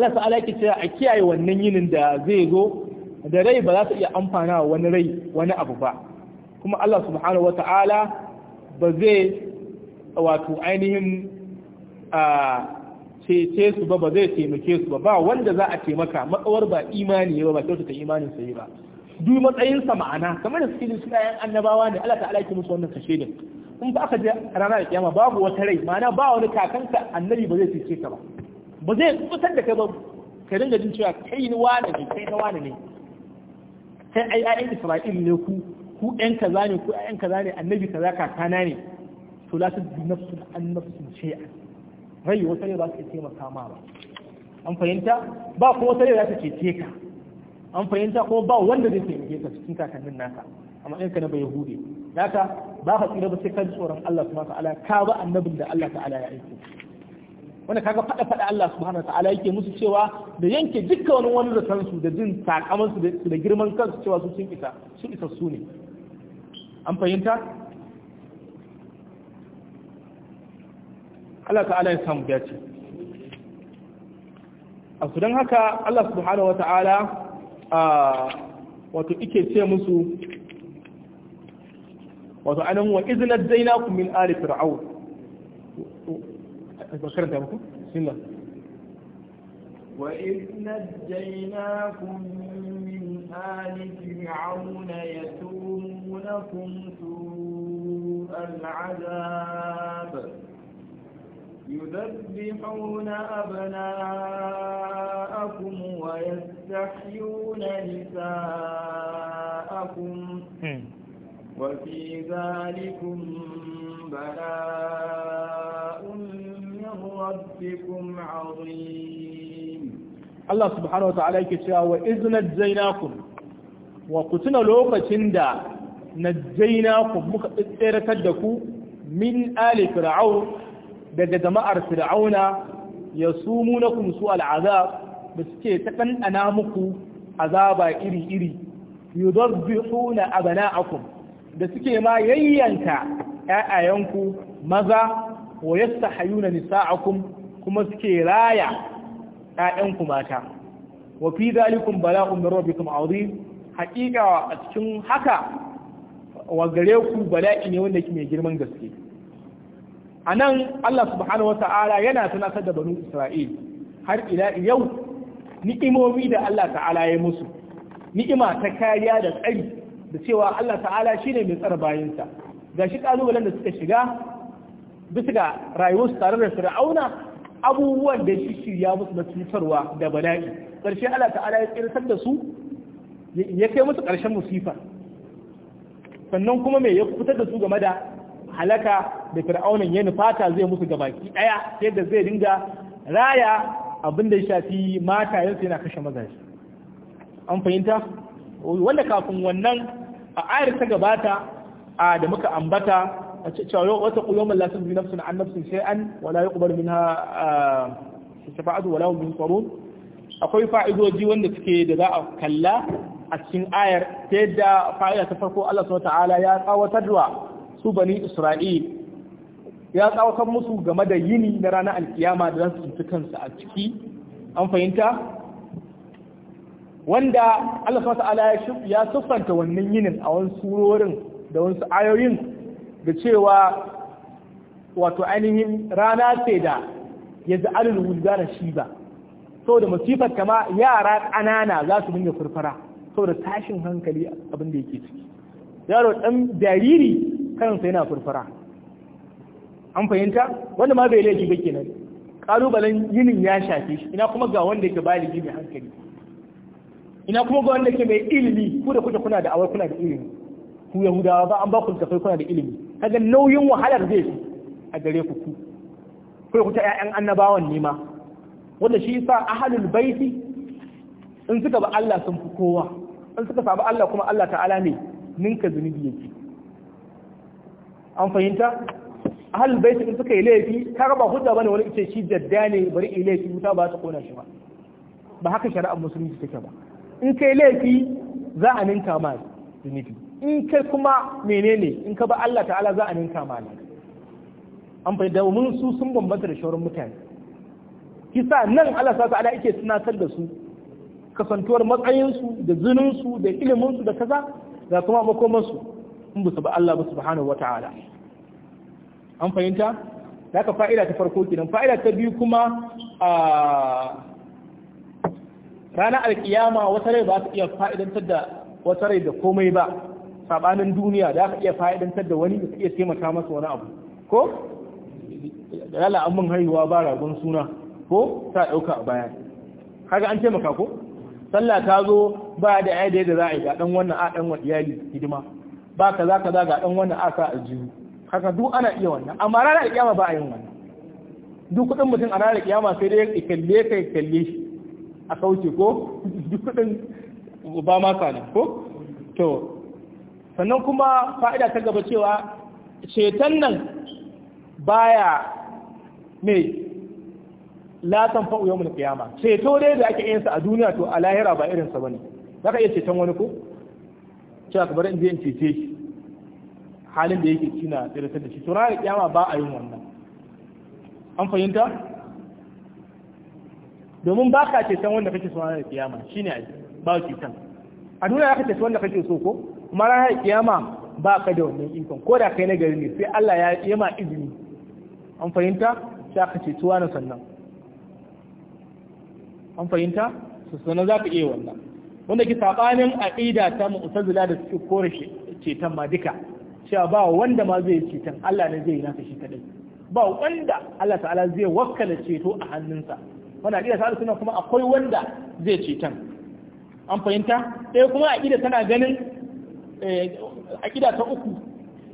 Allah ta'ala yake cewa a kiyaye wannan yinin da zai zo da rai ba za ta iya amfana wani rai wani abu ba kuma Allah subhanahu ta'ala ba zai wato ainihin a cece su ba ba zai taimake su ba ba wanda za a taimaka matsawar ba imani ba ba kyautata imanin sa ba duk matsayinsa ma'ana kamar da suke suna yan annabawa ne Allah ta'ala yake musu wannan kashe din in ba aka je ranar da kiyama babu wata rai ma'ana ba wani kakanka annabi ba zai cece ka ba ba zai kusan da kai ba ka dinga jin cewa kai ni wane ne kai ta wane ne kai ai ai Isra'il ne ku ku ɗan kaza ne ku ɗan kaza ne annabi kaza kakana ne to la nafsu da an ce a rai wata ne ba su maka ma ba an fahimta ba ko wata ne za ta ce ka an fahimta ko ba wanda zai taimake ka cikin kakannin naka amma ɗan ka na bai hude naka ba ka tsira ba sai ka tsoron Allah subhanahu ta'ala ka ba annabin da Allah ta'ala ya aiki wanda kaga fada fada Allah subhanahu ta'ala yake musu cewa da yanke dukkan wani wani da kansu da jin sakamansu da girman kansu cewa su sun isa su isa su ne an fahimta Allah ta'ala ya samu ya ce. a su don haka Allah subhanahu wata'ala a wato ike ce musu wato anan wa izinar zainaku min ali fir'aun da muku Sinna. وإذ نجيناكم من آل فرعون يسوع لكم سوء العذاب يذبحون أبناءكم ويستحيون نساءكم وفي ذلكم بلاء من ربكم عظيم الله سبحانه وتعالى كتاب وإذ نجيناكم وقتنا لوقة najjainakum muka tsiratar da ku min ali fir'aun daga jama'ar fir'auna yasumunakum su al'azab da suke ta ɗanɗana muku azaba iri-iri yudabbihuna abana'akum da suke ma yayyanka ƴaƴayenku maza wa nisa nisa'akum kuma suke raya ya'yanku mata wa fi zalikum bala'un min rabbikum azim haƙiƙa a cikin haka wa gare ku bala'i ne wanda mai girman gaske a nan Allah subhanahu wata'ala yana tunatar da banu Isra'il har ila yau ni'imomi da Allah ta'ala ya musu ni'ima ta kariya da tsari da cewa Allah ta'ala shine mai tsara bayansa ga shi kalubalen da suka shiga bisa ga rayuwarsu tare da fir'auna abubuwan da shi shirya musu na cutarwa da bala'i ƙarshe Allah ta'ala ya tsirtar da su ya kai musu ƙarshen musifa sannan kuma me ya fitar da su game da halaka da fir'aunan ya nufata zai musu gabaki daya yadda zai dinga raya abin da ya shafi mata yansu yana kashe mazaje an fahimta wanda kafin wannan a ayar ta gabata a da muka ambata a cewa wata kulomar lasar bi nafsin an nafsin sai an wala ya kubar min ha shafa'atu wala min akwai fa'idoji wanda suke da za a kalla a cikin ayar ta yadda fa'ida ta farko Allah subhanahu ta'ala ya tsawatar wa su bani Isra'il ya tsawatar musu game da yini na ranar alkiyama da za su kansu a ciki an fahimta wanda Allah subhanahu ta'ala ya siffanta wannan yinin a wani surorin da wasu ayoyin da cewa wato ainihin rana ce da ya za'alul wulgana shi ba saboda masifar kama yara ƙanana za su dinga furfara saboda tashin hankali abin da yake ciki yaro dan jariri kansa yana furfura an fahimta wanda ma bai laifi ba kenan kalubalen yinin ya shafe shi ina kuma ga wanda yake baligi mai hankali ina kuma ga wanda yake mai ilimi ku da kuke kuna da awai kuna da ilimi ku yahudawa ba an ba ku tafai kuna da ilimi kaga nauyin wahalar zai fi a gare ku ku ku ku ta ƴaƴan annabawan ne ma wanda shi yasa ahlul baiti in suka ba Allah sun fi kowa in suka sabu Allah kuma Allah ta'ala ne ninka zunubi yake an fahimta ahlul bait in suka yi laifi ka raba hujja bane wani ce shi jadda ne bari yi laifi wuta ba ta kona shi ba ba haka shari'ar musulunci take ba in kai laifi za a ninka ma zunubi in kai kuma menene in ka ba Allah ta'ala za a ninka ma ne an fahimta domin su sun bambanta da shauran mutane kisa nan Allah ta'ala yake tunatar da su kasantuwar matsayinsu da zininsu da iliminsu da kaza da kuma makomansu in ba su ba Allah ba subhanahu ta'ala an fahimta da ka fa'ida ta farko kinan fa'ida ta biyu kuma a ranar alkiyama wata rai ba ta iya fa'idantar da wata rai da komai ba sabanin duniya da aka iya fa'idantar da wani da ka iya taimaka masa wani abu ko da lalata an mun haihuwa ba ragon suna ko ta ɗauka a baya kaga an taimaka ko sallah ta zo ba da ai da yadda za a yi ga dan wannan a dan iyali hidima ba kaza kaza ga dan wannan a sa aljihu haka duk ana iya wannan amma ranar kiyama ba a yin wannan duk kudin mutum a ranar kiyama sai dai ya kalle ka ya kalle shi a kauce ko duk kudin ba ma sa ko to sannan kuma fa'ida ta gaba cewa ceton nan baya mai la san tanfa'u yawmul qiyama ceto dai da ake yin sa a duniya to a lahira ba irin sa bane zaka iya ceton wani ko cewa ka bar in je in cece shi halin da yake cina tsirtar da shi to ranar kiyama ba a yin wannan an fahimta domin ba ka ceton wanda kake so ranar kiyama shine ai ba ceton a duniya zaka ceton wanda kake so ko kuma ranar kiyama ba ka da wannan ikon ko da kai na gari ne sai Allah ya yi ma izini an fahimta sai ka ceto wani sannan an fahimta su suna za ka iya wannan wanda ke sabanin aqida ta mu'tazila da suke kore shi cetan ma duka cewa ba wanda ma zai cetan Allah ne zai yi nasa shi kadai ba wanda Allah ta'ala zai wakkala ceto a hannunsa wanda aqida ta suna kuma akwai wanda zai cetan an fahimta sai kuma aqida tana ganin eh, aqida ta uku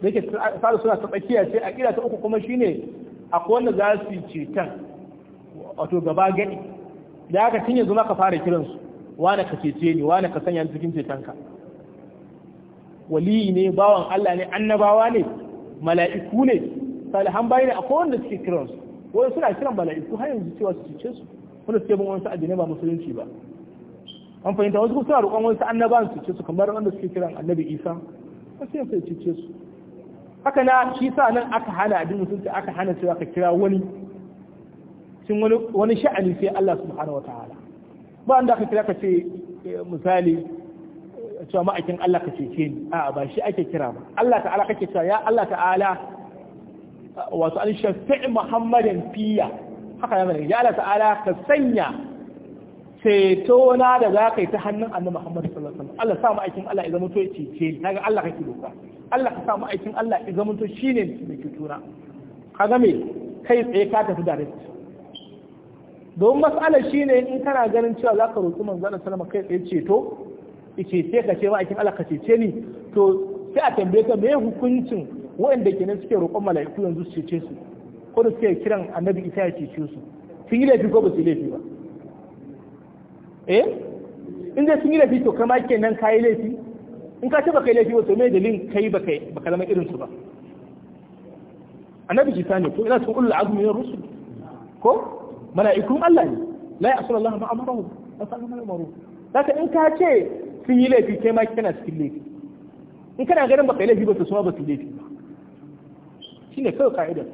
da yake sa suna ta tsakiya a aqida ta uku kuma shine akwai wanda za su cetan wato gaba gani da aka tun yanzu maka fara kiransu wane ka cece ni wane ka sanya cikin cetonka waliyi ne bawan Allah ne annabawa ne mala'iku ne salihan bayi ne akwai wanda suke kiransu wani suna kiran mala'iku har yanzu cewa su cece su wanda suke bin wani addinai ba musulunci ba an fahimta wasu kuma suna roƙon wasu annabawan su cece su kamar wanda suke kiran annabi isa wasu yanzu su cece su haka na shi sa nan aka hana sun ce aka hana cewa ka kira wani cikin wani wani sha'ani sai Allah subhanahu ta'ala ba an da aka kira ka ce eh, misali cewa ma'aikin Allah ka cece ni a'a ba shi ake kira ba Allah ta'ala kake cewa ya Allah ta'ala wato an shafi'i Muhammadin fiya haka ya mana ya Allah ta'ala ka sanya ceto na da za ka yi ta hannun annabi Muhammad sallallahu alaihi wasallam Allah sa ma'aikin Allah ya zama to ya cece ni kaga Allah kake doka Allah ka sa ma'aikin Allah ya zama to shine mai cutuna kaga me kai tsaye ka tafi da direct don matsalar shi ne in kana ganin cewa za ka roƙi manzana salama kai tsaye ceto ice ce ka ce ma'aikin Allah ka cece ni to sai a tambaye ka mai hukuncin waɗanda kenan suke roƙon mala'iku yanzu su cece su ko da suke kiran annabi isa ya cece su sun yi laifi ko ba su laifi ba eh in dai sun yi laifi to kama kenan ka yi laifi in ka ce ba kai laifi ba to me dalilin kai ba kai ba ka zama irin su ba annabi isa ne ko ina sun ulul azmi rusul ko mala'ikun Allah ne la ya'sul Allah ma amaru wa sallu ma amaru saka in ka ce sun yi laifi kai ma kana cikin laifi in kana ganin baka yi laifi ba to su ma ba su laifi ba shine kawai ka'idar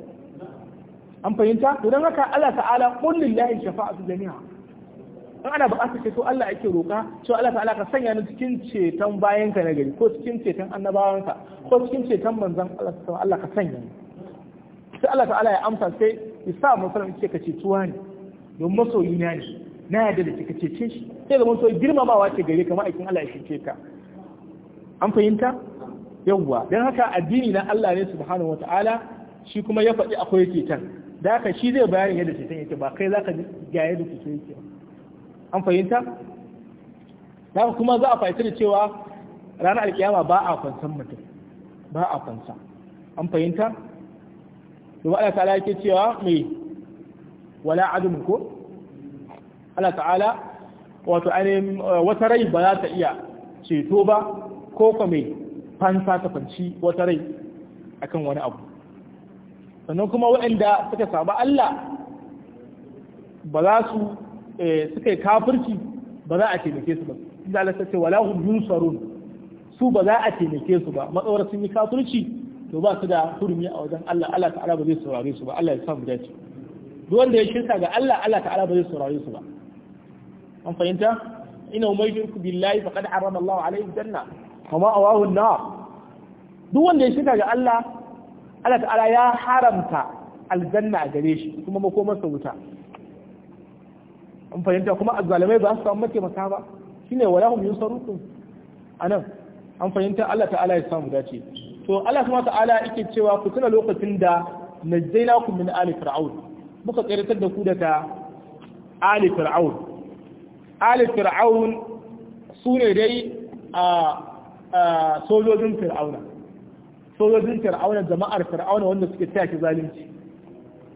an fahimta to don haka Allah ta'ala qul lillahi shafa'atu jami'a in ana buƙatar ceto Allah ake roƙa cewa Allah ta'ala ka sanya ni cikin ceton bayanka na gari ko cikin ceton annabawanka ko cikin ceton manzon Allah ta'ala ka sanya ni sai Allah ta'ala ya amsa sai isa musulun ce ka tuwa ne don masoyi na ne na yadda da kika cece shi sai zama so girmamawa ce gare kamar aikin Allah ya cece ka an fahimta yawwa don haka addini na Allah ne subhanahu wataala shi kuma ya faɗi akwai ceton da haka shi zai bayani yadda ceton yake ba kai zaka ga yadda ceton yake an fahimta da haka kuma za a fahimta da cewa ranar alkiyama ba a fansan mutum ba a an fahimta to Allah ta'ala yake cewa mai wala adam ko Allah ta'ala wato ainihin eh, wata rai ba za ta iya ceto ba ko kuma mai fansa ta fanci wata rai akan wani abu sannan kuma waɗanda suka saba Allah ba za su eh, suka yi kafirci ba za a taimake su ba inda Allah ta ce wala hum yunsarun su ba za a taimake su ba matsawar sun yi kafirci to ba su da hurumi a wajen Allah Allah ta'ala ba zai saurare su ba Allah ya samu dace duk wanda ya shirka ga Allah Allah ta'ala ba zai saurare su ba an fahimta ina umayyiku billahi faqad harama Allah alaihi janna wa ma awahu an-nar duk wanda ya shirka ga Allah Allah ta'ala ya haramta aljanna a gare shi kuma makomarsa wuta an fahimta kuma azzalamai ba su samu mataimaka ba shine wala hum yusarrufun anan an fahimta Allah ta'ala ya samu dace to Allah subhanahu ta'ala yake cewa ku tuna lokacin da ku min ali fir'aun muka tsiratar da ku daga ali fir'aun ali fir'aun sune dai a sojojin fir'auna sojojin fir'auna jama'ar fir'auna wanda suke taya shi zalunci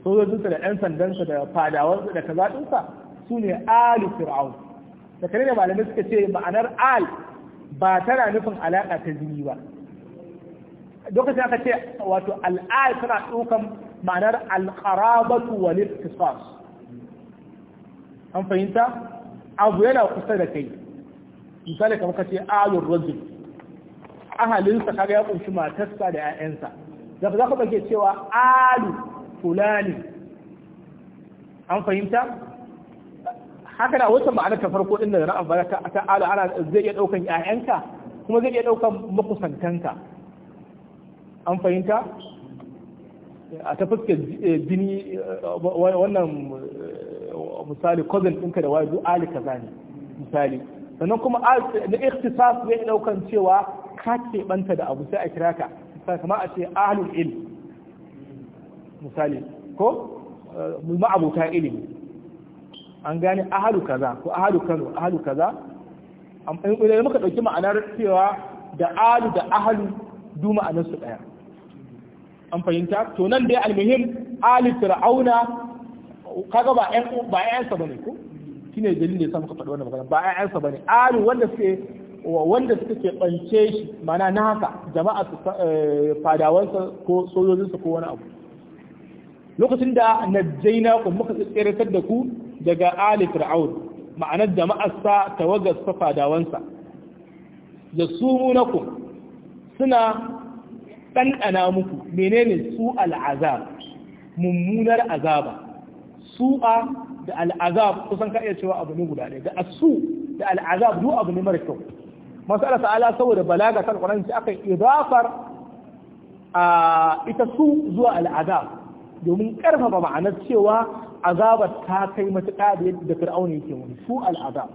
sojojinsa da ɗan sandansa da fadawansa da kaza ɗinsa su ne ali fir'aun da kare da malamai suka ce ma'anar al ba tana nufin alaƙa ta jini ba lokacin aka ce wato al'ayar tana ɗaukan ma'anar alƙarabatu wal ittisas an fahimta abu yana kusa da kai misali kamar ka ce alur rajul ahalinsa kaga ya kunshi matarsa da 'ya'yansa da za ka bage cewa alu fulani an fahimta haka na wata ma'ana ta farko inda da na ambata ta alu ana zai iya ɗaukan 'ya'yanka kuma zai iya ɗaukan makusantanka an fahimta a ta fuskar eh, jini eh, wannan eh, misali cousin ɗinka da wajen ali kaza ne misali sannan kuma na ikhtisas zai ɗaukan cewa ka keɓanta da abu sai a kira ka misali kama a ce ahlul ilm misali ko ma'abuta ilimi an gane ahalu kaza ko ahalu kano ahalu kaza idan muka ɗauki ma'anar cewa da alu da ahalu a nasu ɗaya an fahimta to nan dai almuhim ali fir'auna kaga ba ƴan ba ƴaƴansa bane ko shine dalilin yasa muka faɗi wannan magana ba ƴaƴansa bane ali wanda suke wanda suka ke bance shi mana na haka jama'a su eh, fadawansa ko sojojinsa ko wani abu lokacin da jaina ku muka tsiratar da ku daga ali fir'aun ma'anar jama'arsa tawagar sa fadawansa da su suna ɗanɗana muku menene su al'azab mummunar azaba su'a da al'azab kusan ka iya cewa abu ne guda ɗaya da asu da al'azab duk abu ne mara kyau masala ta'ala saboda balaga ta alƙur'ani ce aka idafar a ita su zuwa al'azab domin ƙarfafa ma'anar cewa azabar ta kai matuƙa da yadda fir'auna yake wani su al'azab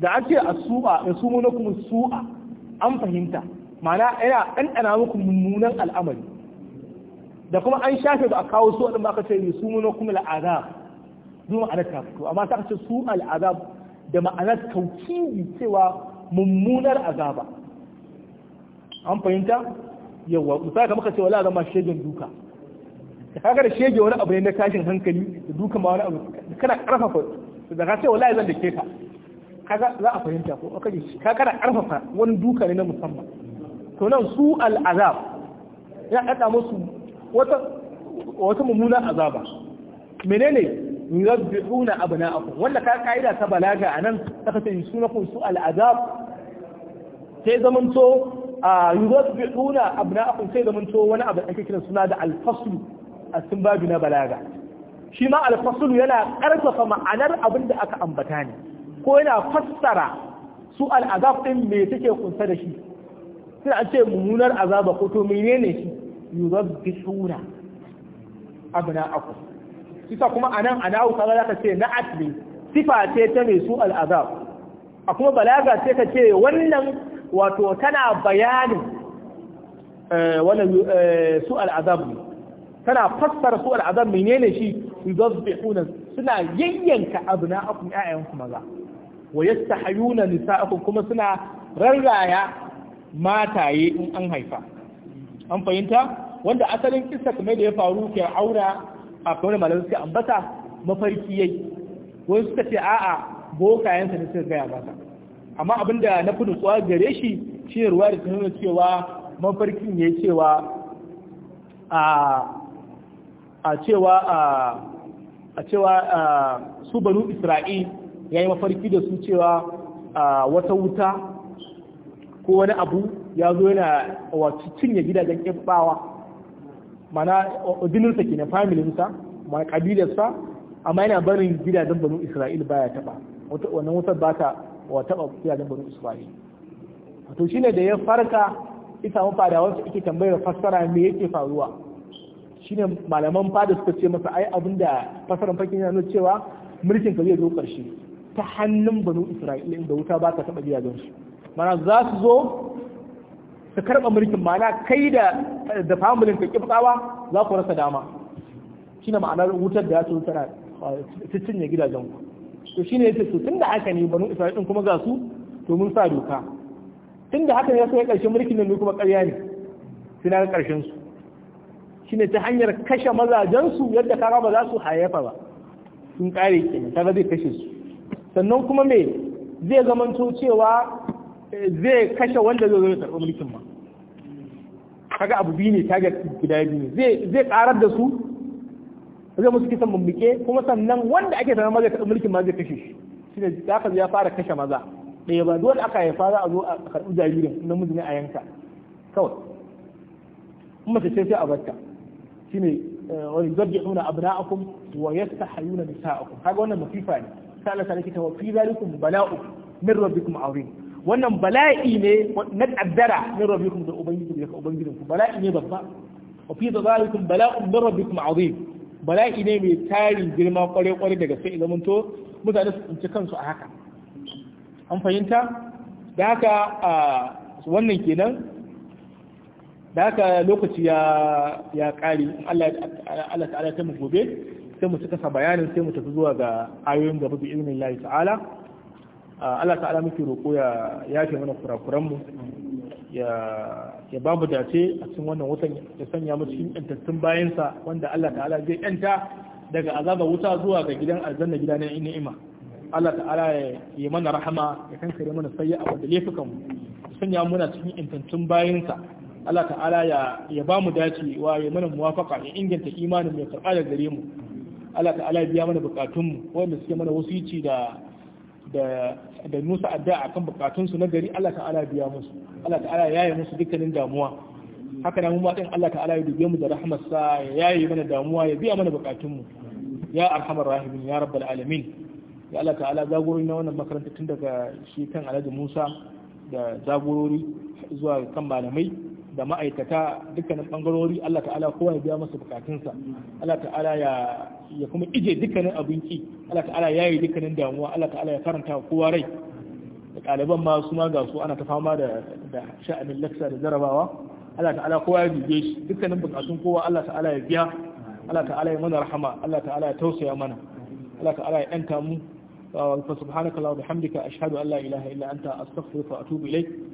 da ake asu'a ya sumu na kuma su'a an fahimta ma'ana yana ɗanɗana muku mummunan al'amari da kuma an shafe ba a kawo su waɗanda aka ce su muna kuma al'azab zu ma'anar tafi amma ta ce su al'azab da ma'anar taukiyi cewa mummunar azaba an fahimta yawa misali kamar ka ce wala zama shegen duka da kaga da shege wani abu ne na tashin hankali da duka ma wani abu kana karfafa da ka ce wallahi zan da ke ka kaga za a fahimta ko kaga kana karfafa wani duka ne na musamman to nan su al'azab ya haɗa musu wata wata mummunan azaba menene na abu na abna'akum wanda ka kaida ta balaga a nan anan saka suna kun su al'azab sai zamanto a na abu na abna'akum sai zamanto wani abu ake kiran suna da al a cikin babu na balaga shi ma al yana karfafa ma'anar abin da aka ambata ne ko yana fassara su al'azab ɗin me take kunsa da shi sai a ce mummunar azaba ko menene shi yuzabbihuna abna'akum kisa kuma a a nan anan ana'u za ka ce na ne sifa ce ta mai su al'azab a kuma balaga ce ka ce wannan wato tana bayanin eh, wannan eh, su al'azab ne tana fassara su al'azab menene shi yuzabbihuna suna yayyanka abna'akum ya'yanku maza wa yastahayuna nisa'akum kuma suna rarraya mataye in an haifa an fahimta wanda asalin kisa kuma da ya faru ke aura a kawai malar suka ambata mafarki yai wani suka ce a'a bokayensa na suka gaya mata amma abinda na fi nutsuwa gare shi shi ne ruwa da ta cewa mafarkin ya cewa a cewa a cewa su banu isra'il ya yi mafarki da su cewa wata wuta ko wani abu ya zo yana wato cinye gidajen ƙirɓawa mana udininsa ke na familinsa ma ƙabilarsa amma yana barin gidajen banu isra'il baya taɓa wannan wutar ba ta wa taɓa gidajen banu isra'il to shine da ya farka ita ya samu wasu ake tambayar fassara me yake faruwa shine malaman fada suka ce masa ai abin da fassarar fakin yana nuna cewa mulkin ka zai zo ƙarshe ta hannun banu isra'il da wuta ba ta taɓa su mana za su zo su karɓa mulkin mana kai da da familin ka kiftawa za ku rasa dama shine ma'anar wutar da ya tsoro tana ya gidajen ku to shine yace to tunda haka ne banu isra'ilin kuma ga su to mun sa doka tunda haka ne ya so ya karshen mulkin nan kuma ƙarya ne sai na karshen su shine ta hanyar kashe mazajen su yadda kara ba za su hayafa ba sun kare kenan kaga zai kashe su sannan kuma me zai zamanto cewa zai kashe wanda zai zo ya karɓi mulkin ma kaga abu biyu ne target guda biyu ne zai karar da su zai musu kisan bambike kuma sannan wanda ake sanar maza karɓi mulkin ma zai kashe shi ne zaka ya fara kashe maza ɗaya ba dole aka haifa za a zo a karɓi jaririn na ne a yanka kawai in mace ce sai a shi ne wani zargi nuna akun wa ya yastahayuna akun kaga wannan masifa ne sai Allah ta rikita wa fi zalikum bala'u min rabbikum azim wannan bala'i ne na kaddara min rabbikum da da ubangijin ku bala'i ne babba wa fi dhalikum bala'un min rabbikum azim bala'i ne mai tarin girma kware kware daga sai zaman to mutane su tsinci kansu a haka an fahimta da haka wannan kenan da haka lokaci ya ya kare Allah ta'ala ta mu gobe sai mu cika bayanin sai mu tafi zuwa ga ayoyin gaba bi Allah ta'ala Allah ta'ala muke roƙo ya yafe mana kurakuran mu ya ya ba mu dace a cikin wannan watan ya sanya mu cikin yantattun bayansa wanda Allah ta'ala zai yanta daga azabar wuta zuwa ga gidan aljanna gida na ni'ima Allah ta'ala ya yi mana rahama ya kankare mana sayi a wanda laifukan mu ya sanya na cikin yantattun bayansa Allah ta'ala ya ya ba mu dace wa ya mana muwafaka ya inganta imanin ya karɓa da gare mu Allah ta'ala ya biya mana bukatun mu wanda suke mana wasici da da da adda addu'a akan bukatunsu na gari Allah ta'ala biya musu Allah ta'ala yaye musu dukkanin damuwa haka na mu din Allah ta'ala ya dube mu da rahmarsa ya yaye mana damuwa ya biya mana bukatun mu ya arhamar rahimin ya rabbal alamin ya Allah ta'ala zagorori na wannan makaranta tun daga shi kan Alhaji Musa da zagorori zuwa kan malamai da ma'aikata dukkanin bangarori Allah ta'ala kowa ya biya masa bukatunsa Allah ta'ala ya ya kuma ije dukkanin abinci Allah ta'ala ya yi dukkanin damuwa Allah ta'ala ya karanta kowa rai da ɗaliban ma su ma ga su ana ta fama da sha'anin laksa da jarabawa Allah ta'ala kowa ya bige shi dukkanin bukatun kowa Allah ta'ala ya biya Allah ta'ala ya mana rahama Allah ta'ala ya tausaya mana Allah ta'ala ya ɗanta mu فسبحانك اللهم وبحمدك أشهد أن لا إله إلا أنت أستغفرك وأتوب إليك